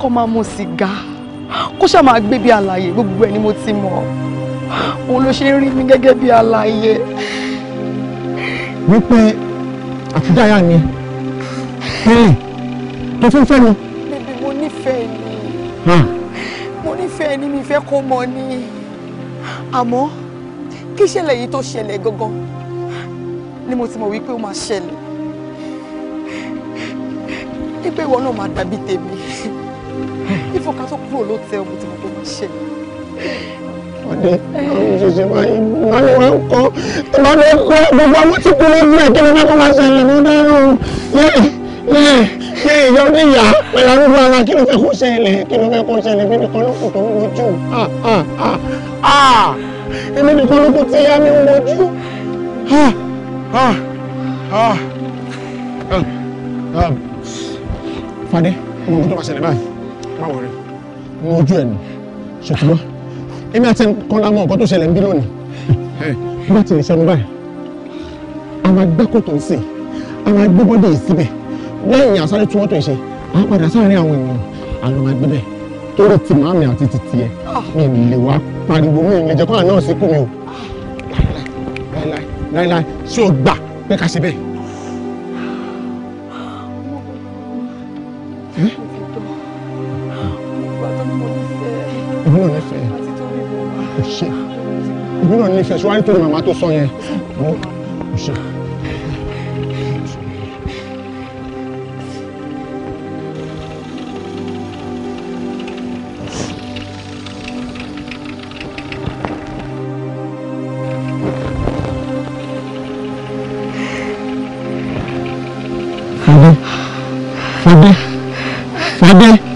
kò máa mu sìgá ó ṣáà máa gbé bí àlàyé gbogbo ẹ̀ ni mo ti mọ̀ òun ló ṣe ń rí mi gẹ́gẹ́ bí àlàyé. wípé àfidáyà ni bẹ́ẹ̀ tó fún fẹ́ mi. bèbè mo nífẹ̀ẹ́ ni mo nífẹ̀ẹ́ ni mi fẹ́ kó mọ̀ ni àmọ́ kí ìṣẹ̀lẹ̀ yìí tó ṣẹlẹ̀ gangan ni mo ti mọ̀ wípé ó máa ṣẹlẹ̀ wípé ìwọ náà máa dàbí tèmi ìfọ̀ká tó kúrò ló tẹ ọmọ tí mo tó máa ṣe. ọ̀dẹ àwọn òṣìṣẹ́ wa yìí máa ń wá ń kọ́ tí wọ́n lè kọ́ gbogbo àwọn tí kú lójú ẹ̀ kí ló máa kọ́ máa ṣẹlẹ̀ ló dáhùn lẹ́ẹ̀ lẹ́ẹ̀ ṣé ìjọ ní ìyá pẹ̀lú arúgbó ara kí ló fẹ́ kó ṣẹlẹ̀ kí ló fẹ́ kó ṣẹlẹ̀ bí nìkan ló kù tó ń wojú èmi nìkan ló kù tí ìyá mi ń wojú. Fadé, ọmọ ogun tó máa ṣẹlẹ̀ báyìí má wọrí ní ojú ẹ̀ nù ṣètùbọ́ èmi àti kọ́lá mọ nǹkan tó ṣẹlẹ̀ ń bí lónìí bá ti ṣe ọmọ báyìí àwọn agbẹ́kòtò ń sìn àwọn agbébọ́dé yìí síbẹ̀ lẹ́yìn àsáré tí wọ́n tó ṣe à ń padà sáárín àwọn èèyàn àwọn ọmọ ẹgbẹ́ bẹ́ẹ̀ torí ti màámi àti ti tiẹ̀ mi lè wá pariwo mi lè jẹ́ kọ́lá náà sí kú mi o láíláí láíláí ṣé o gbà pé ká ṣe bẹ́ẹ̀. èmi náà nífẹ̀ẹ́ o ṣe èmi náà nífẹ̀ẹ́ ṣùgbọ́n nítorí màmá tó sọ yẹn o ṣe. Fade, Fade, Fade.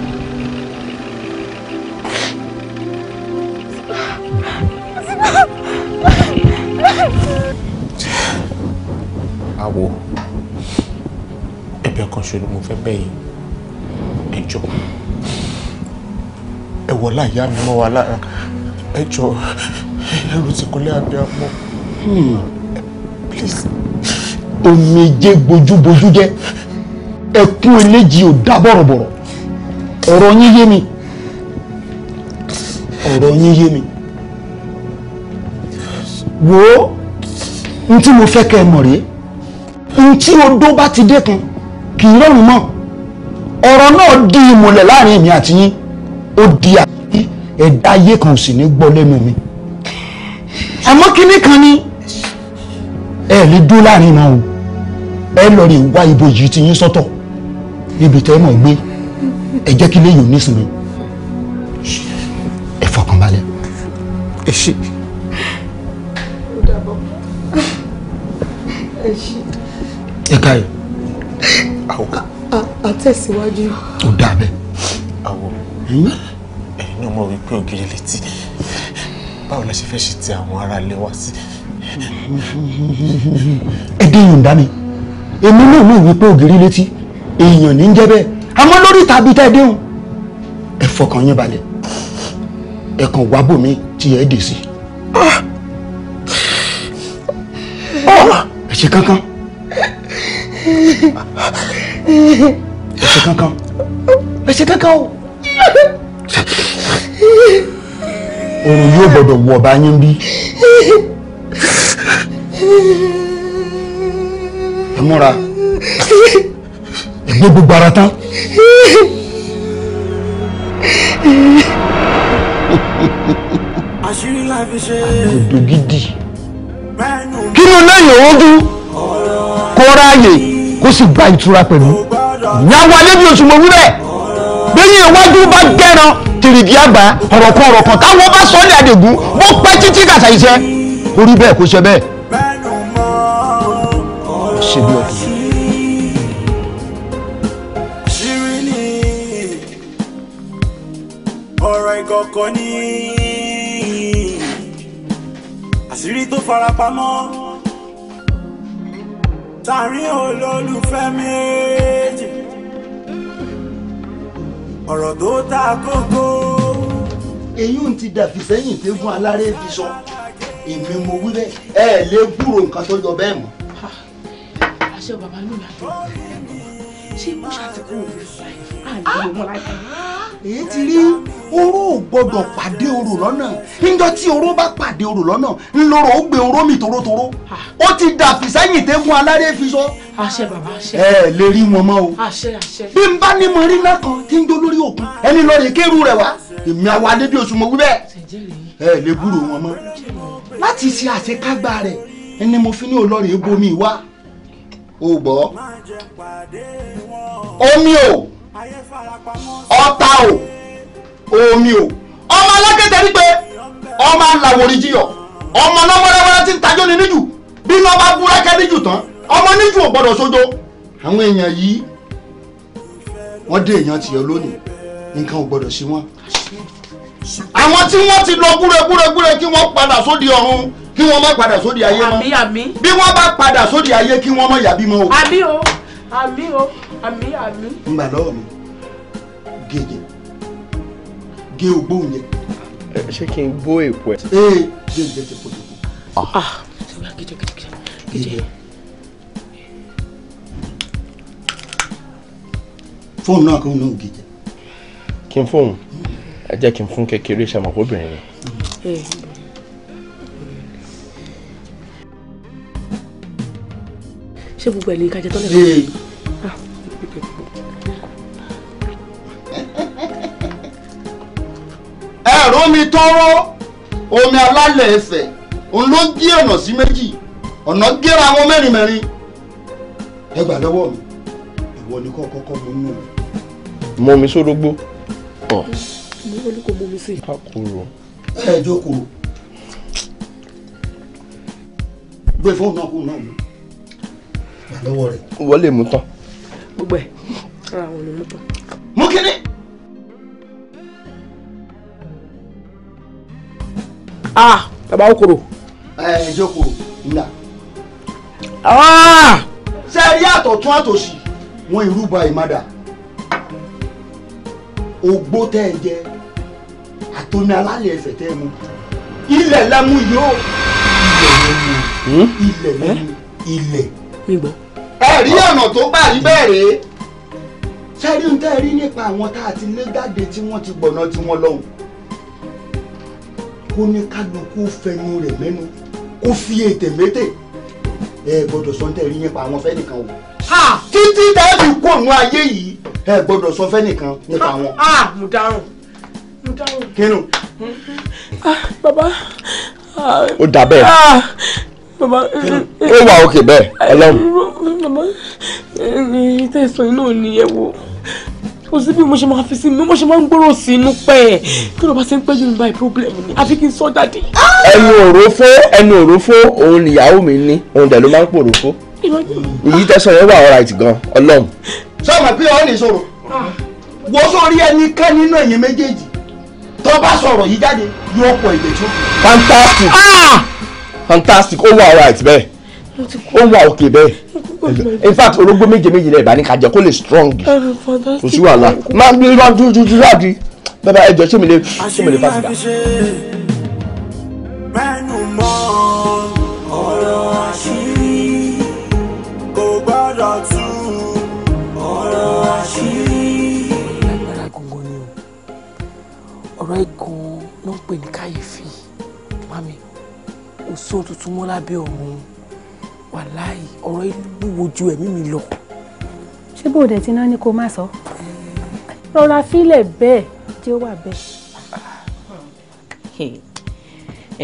ìyá mi mọ́ wa lára ẹ jọ ẹrù ti kúnlẹ̀ abiyamọ. Hmm, please. omijé gbojúbojú jẹ ẹkún eléjì ò dá bọ̀rọ̀bọ̀rọ̀ ọ̀rọ̀ yín yé mi ọ̀rọ̀ yín yé mi wo n tí mo fẹ́ kẹ́ ẹ mọ̀ rèé n tí odó bá ti dẹ́kun kì í rọrùn mọ́ ọ̀rọ̀ náà di ìmùlẹ̀ láàrin èmi àti yín ó di àbí ẹ̀dá ayé kan sì ní gbọ́ lẹ́nu mi àmọ́ kínní kan ni ẹ lè dó láàrin náà o ẹ lọ rè wá ibojì tí yín sọ́tọ̀ níbi tẹ́ mọ̀ gbé ẹ jẹ́ kí lẹ́yìn onísìnmi ẹ fọkànbalẹ̀ ẹ ṣe. ẹ ká yìí. àtẹ̀síwájú. ó dà bẹ́ẹ̀ ẹ̀yin náà mọ̀ wípé ògiri létí báwo la ṣe fẹ́ ṣe ti àwọn ará ilé wa sí. èdè yòǹda mi èmi náà mọ̀ wípé ògiri létí èèyàn ní jẹ́ bẹ́ẹ̀ àmọ́ lórí tàbí tẹ́ ẹ déhùn ẹ fọkàn yín balẹ̀ ẹ kàn wá bòmí tí ẹ dè sí. ẹ ṣe kankan ẹ ṣe kankan ẹ ṣe kankan o. oorun yóò gbọ́dọ̀ wọ̀ ọba yín bí. ẹ múra ẹ gbé gbogbo ara tán. àdòdò gidi kí ló lẹ́yìn ojú kó ráàyè kó sì gba ìtura pẹ̀lú ìyá wa lẹ́bi oṣù mọ̀ wúrẹ̀ bẹ́yìn iwájú bá gẹ́ran tìrìgì àgbà ọ̀rọ̀ kan ọ̀rọ̀ bá sọ ní àdìgún bó pẹ́ títí kàṣà iṣẹ́ orí bẹ́ẹ̀ kò ṣe bẹ́ẹ̀ àṣírí tó farapamọ́ tàrí olólùfẹ́ méjì ọ̀rọ̀ tó ta kókó. èyí ti dàfi sẹ́yìn pé fún aláré fi sọ èmi mo wí bẹ́ẹ̀ ẹ lè gbúrò nǹkan tó jọ bẹ́ẹ̀ mọ́. àṣẹ bàbá ló là tó ṣé mo ṣàtìkú òfin fàyè àìlè mọ́ láìpẹ́. èyí ti rí oró ò gbọdọ̀ pàdé oró lọ́nà níjọ́ tí oró bá pàdé oró lọ́nà ńlọrọ̀ ó gbé oró mi tòrótòró ó ti dà fìsẹ́yìn tẹ́gun aláré fi sọ. àṣẹ bàbá àṣẹ. ẹ lè rí wọn mọ o. àṣẹ àṣẹ. bí n bá ní mo rí náà kan tí ń jó lórí òkun ẹni lọ rè kéru rẹ wá èmi àwa débi oṣù mo wí bẹ́ẹ̀. ẹ lè gbúrò wọn mọ. láti ṣe àṣekágbá rẹ ẹni mo fi ní olórí ebomi wá o gbọ́ omi o ọ̀tá o omi o ọmọ alákẹ́tẹ̀ rí pé ọmọ aláwòrì jiyọ̀ ọmọ lọ́wọ́lọ́wọ́ ti ń tajọ́ ni níjù bí wọ́n bá búrẹ́kẹ́ níjù tán ọmọ níjù ò gbọ́dọ̀ sójó àwọn èèyàn yìí wọ́n dé èèyàn tìyọ lónìí nǹkan ò gbọ́dọ̀ sí wọn. àwọn tí wọ́n ti lọ gúregúregúre kí wọ́n padà sóde ọ̀run kí wọ́n má padà sóde ayé mọ́ bí wọ́n bá padà sóde ayé kí wọ́n má yàbí mọ́ o. àbí o àbí o àmì àmì. ń bà lọ́wọ́ mi gé yẹn gé ogbó yẹn. ṣé kí n gbó èpo ẹ. ee gé ń jẹjẹ pọ̀ jù. fóònù náà kò náà gé jẹ. kí n fóònù ẹ jẹ́ kí n fún kékeré ṣàmọ̀kó ni. ṣé gbogbo ẹ̀ ní kájẹ tó fún mi. omi tọ́rọ́ omi alálẹ̀ ẹ̀fẹ̀ òun ló ń gé ọ̀nà sí méjì ọ̀nà gẹ́ra wọn mẹ́rin mẹ́rin ẹ gbà lọ́wọ́ mi ìwọ ni kọ́ kọ́kọ́ mú nù. mọ mi sórógbó. mo ní kò mú mi sí. akoro. ẹ jókòó gbé fóònù náà kúrò náà mú gbà lọ́wọ́ rẹ̀. wọ́n lè mú tán. gbogbo ẹ̀ ara wọn ló mú tán. mú kínní. ah bàbá okoro. ẹ ẹ jókòó ìlà. Ah! ṣé ẹ rí àtọ̀tún àtòsí wọn ìrúba ìmàdà ogbó tẹ́ ẹ jẹ àtọ́ni alálẹ̀ ẹsẹ̀ tẹ́ ẹ mú ilẹ̀ lẹ́mú yóò hmm? ilẹ̀ lẹ́mú eh? ilẹ̀ lẹ́mú ilẹ̀. ẹ rí ọ̀nà tó bá rí bẹ́ẹ̀ rèé ṣé rí ń tẹ́ rí nípa àwọn tá a ti lé jáde tí wọ́n ti gbọ̀nà tí wọ́n lọ́hùn kó ní kálukú fẹnu rẹ̀ mẹ́nu kó fi ètè mété ẹ gbọ́dọ̀ sọ tẹ rí nípa àwọn fẹ́ nìkan wò. títí dàbí kò nú ayé yìí ẹ gbọ́dọ̀ sọ fẹ́ nìkan nípa wọn. mo dárùn mo dárùn. kínú. Ah, bàbá. ó dà bẹ́ẹ̀ ah, baba ó wà òkè bẹ́ẹ̀ ọlọ́run. baba ìtẹ̀sán inú ò ní ẹ wò kò sí bí mo ṣe máa fi sí mi mo ṣe máa ń gbòòrò sí inú pẹ́ kí ló bá ṣe ń pẹ́ yóò ní báyìí problem ni àfi kí n sọ jáde. ẹnu òrófó ẹnu òrófó òun nìyàwó mi ní òun dẹ̀ ló máa ń pò òrófó èyí tẹ̀sán yẹn wà ọ̀ráìtì gan ọlọ́run. sọ́ọ̀mù pé ọ́ ní sọ̀rọ̀ wo sórí ẹnikẹ́ni nínú ẹ̀yin méjèèjì tó bá sọ̀rọ̀ yìí jáde yóò pọ̀ ìdẹ̀tí. fantastic ah! fantastic ó wà ọ̀ráìtì bẹ́ẹ̀ ó wà òkè bẹ́ẹ̀ in fact orógbó méje méje lẹ́ẹ̀bá ní kájẹ kó lè strong ah, kò sí wàhálà máa ń bí wá dúdú dúdú àdí bàbá ẹjọ ṣé mi lè ṣé mi lè fásitì. ọ̀rọ̀ igun ló ń pè ní kàyéfì mami òsó tuntun mọ́ lábẹ́ òun wàláì ọ̀rọ̀ ìlú wo ju ẹ̀mí mi lọ. ṣé bòde tí náà ni kò má sọ rọra fílẹ̀ bẹ́ẹ̀ tí ó wà bẹ́ẹ̀.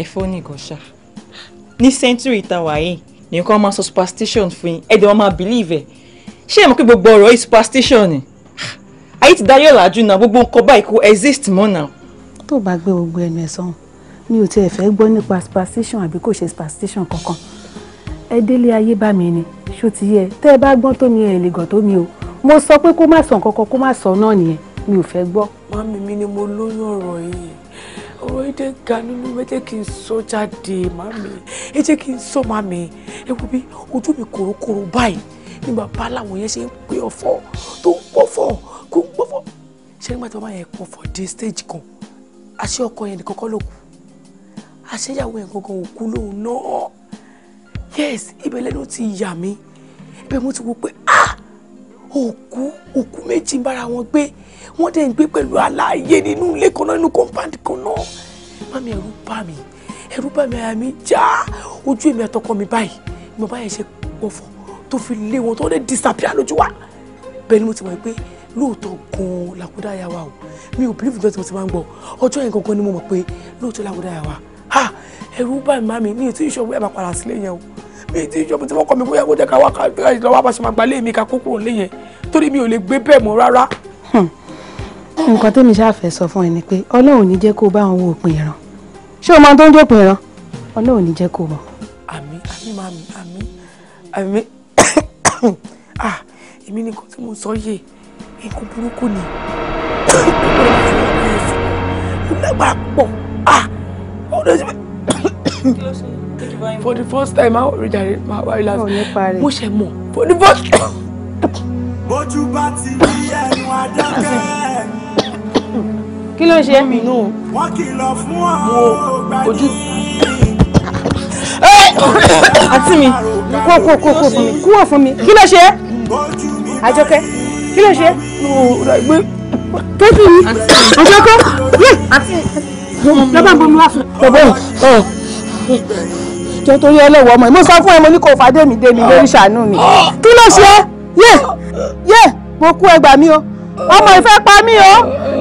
ẹ̀fọ́ nìkan ṣá ní sẹ́ńtúrì ìtawà yìí nìkan máa sọ superstition fún yín ẹ̀dẹ̀ wọn máa believe ẹ̀ ṣé ẹ mọ̀ pé gbogbo ọ̀rọ̀ yìí superstition ni ayé ti dáyọ̀ làjú náà gbogbo nǹkan báyìí kò exist mọ́ náà. tó bá gbé gbogbo ẹnu ẹ̀ sọ́hun mi ò tiẹ̀ fẹ́ gbọ́ nípa superstition àbí kò ṣe superstition kankan ẹ délé ayé bá mi ni ṣó ti yẹ tẹ́ ẹ bá gbọ́n tó mi ẹ̀ lè gàn tó mi o mo sọ pé kó má sọ nǹkan kó má sọ náà nìyẹn mi ò fẹ́ gbọ́. mami mi ni mo lóyún ọ̀rọ̀ yìí ọ̀rọ̀ yìí dé ga nínú ẹ jẹ́ kí n sọ jáde mami ẹ jẹ́ kí n sọ mami ẹ wo bí ojú mi kòrókòró báyìí ni bàbá làwọn yẹn ṣe ń pè ọ̀fọ̀ tó ń pọ̀fọ̀ kó ń pọ̀fọ̀ ṣé nígbà tí wọ́n bá yẹn pọ̀fọ̀ dé stage kan àṣé ọkọ yẹn nìkan kọ́ ló kù àṣé ìyàwó yẹn gangan òkú lòun náà yes ibẹ̀ lẹ́nu ti yà mí ibẹ̀ mo ti wo pé ah òkú òkú méjì ń bára wọn gbé wọ́n dẹ̀ ń gbé pẹ̀lú aláàyè nínú ilé kan náà nínú compound kan náà mami ẹ̀rù bà mí ẹ̀rù bà mí àyà mi já ojú èmi àtọkọ mi báyìí mo bá yẹn ṣe pọ̀fọ̀ tó fi lé wọn tó lè disappear lójú wa bẹ́ẹ̀ ni mo ti mọ̀ pé lóòótọ́ gan-an yà wá o mi ò believe nítorí tí mo ti máa ń gbọ́ ọjọ́ yẹn gangan ni mo mọ̀ pé lóòótọ́ làkúdá yà wá ha ẹ̀rù bà mí mami mi ò tí ì sọ pé bá padà sílé yẹn o ètò ìjọba tí wọ́n kọ́ mi bóyá kó jẹ́ ká wá ká lọ́wọ́ bá ṣe máa gbalé mi ká kó kúrò lé yẹn torí mi ò lè gbé bẹ́ẹ̀ mọ́ rárá. Hmm. nǹkan tẹ́mi ṣáàfẹ́ sọ fún ẹ ni pé ọlọ́run ní jẹ́ kó bá àwọn òpin ẹ̀ràn ṣé o máa tó ń dópin ẹ̀ràn ọlọ́run ní jẹ́ kó mọ̀. àmín àmín máa mi àmín àmín ah èmi nìkan tí mo sọ yé nǹkan burúkú ni mo lágbára pọ̀ ah ọ̀rọ̀ ẹ̀ for the first time máa wọlé jàre máa wá relax mo ṣe mọ̀ for the first time. bójú bá ti rí ẹnu adákẹ́. kí ló ṣe é mi nù. wọ́n kìlọ̀ fún ọ ojú. àti mi kú kú kú kú fún mi kú wọ̀ fún mi kí ló ṣe é. àjọkẹ́ kí ló ṣe é. kẹ́sì mi àjọkẹ́ lọ́ba ń mi wá fún un jọ torí ẹlẹ́wọ̀ ọmọ mo sọ fún ẹ mo ní kò fà démi démi lórí ṣàánú mi kí ló ṣe yé yé mo kú ẹgbà mi o ọmọ ìfẹ́ pa mí o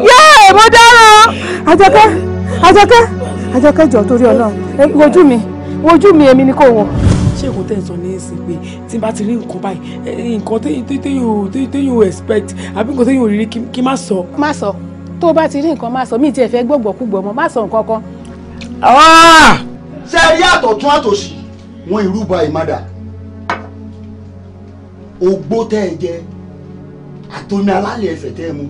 yé mo dáràn àjọkẹ́ àjọkẹ́ àjọkẹ́ jọ torí ọlọ́run wojú mi wojú mi èmi ni kò wọ̀ ṣé kò tẹ̀ sọ ní ẹ̀sìn pé tí n bá ti rí nǹkan báyìí nǹkan téyò expect àbí nǹkan téyò rírí kí má sọ. má sọ tó o bá ti rí nǹkan má sọ mí tiẹ̀ fẹ́ gbọ́gbọ́ kú gbọ́mọ má sọ nǹkan kan. Ah! ṣe rí àtọ̀tún àtòsí wọn ìrúbọ ìmàdà ògbó tẹ́ ẹ jẹ àtomi alálẹ̀ ẹ̀fẹ̀ tẹ́ ẹ mu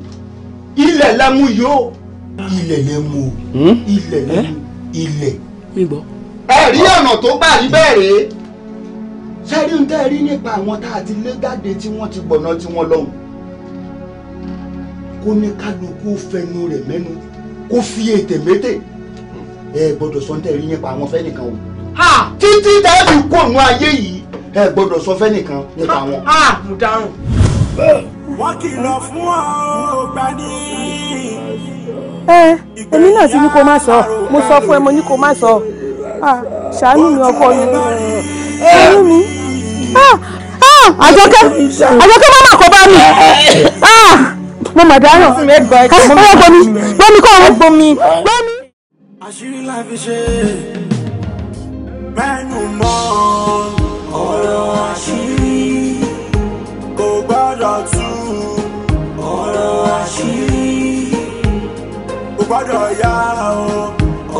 ilẹ̀ lẹ́mu yìí ó ilẹ̀ lẹ́mu o ilẹ̀ lẹ́mu hmm? eh? ilẹ̀. mi gbọ́. ẹ rí ọ̀nà tó gbà rí bẹ́ẹ̀ rèé ṣe rí ń tẹ́ ẹ rí nípa àwọn tá a ti lé jáde tí wọ́n ti gbọ̀nà tí wọ́n lọ́hùn kó ní kálukú fẹnu rẹ̀ mẹ́nu kó fi ètè mété ẹ gbọ́dọ̀ sọ tẹ́ rí nípa àwọn fẹ́nìkan o títí dáàbì kú òun ayé yìí ẹ gbọ́dọ̀ sọ fẹ́nìkan nípa wọn. mo dáhùn. wọ́n kìlọ̀ fún ọ̀gbà ní. ẹ èmi náà ti ní kó má sọ mo sọ fún ẹ mo ní kó má sọ ah, ṣàánú mi ọkọ mi ṣàánú mi ah, ah, àjọkẹ́ àjọkẹ́ má má kó bá mi mo mà dáhùn mo mà gbọ́ mi gbọ́ mi kọ́ ọ gbọ́ mi gbọ́ mi àṣírí la fi ṣe mẹ́nu mọ́ ọ̀rọ̀ àṣírí kò gbọ́dọ̀ o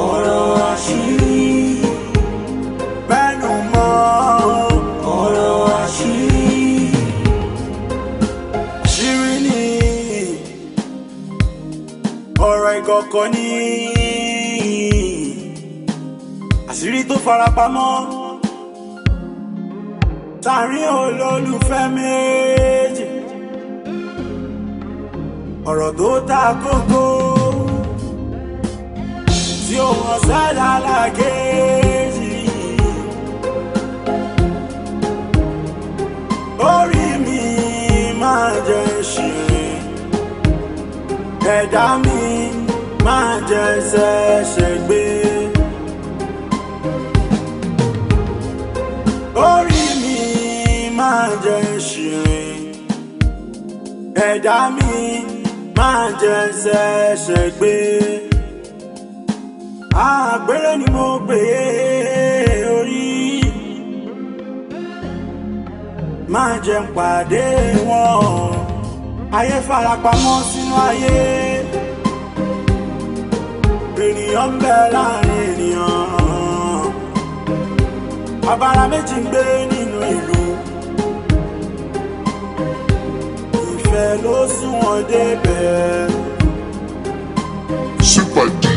ọ̀rọ̀ àṣírí mẹ́nu mọ́ ọ̀rọ̀ tó farapamọ́ tààrin olólùfẹ́ méjì ọ̀rọ̀ tó ta kókó tí ó hàn sẹ́dá làkejì orí mi máa jẹ ṣe ẹ̀dá mi máa jẹ ṣẹ̀ṣẹ̀ gbé. orí mi máa jẹ ṣìrìn ẹ̀dá mi máa jẹ ṣẹ̀ṣẹ̀ gbé àgbèrè ni mo gbé orí máa jẹ pàdé wọn ayé farapamọ́ sínú ayé ènìyàn ń bẹ láàrin ènìyàn abara méjì ń gbé nínú ìlú ìfẹ́ ló sún wọn débẹ̀. sípàdé.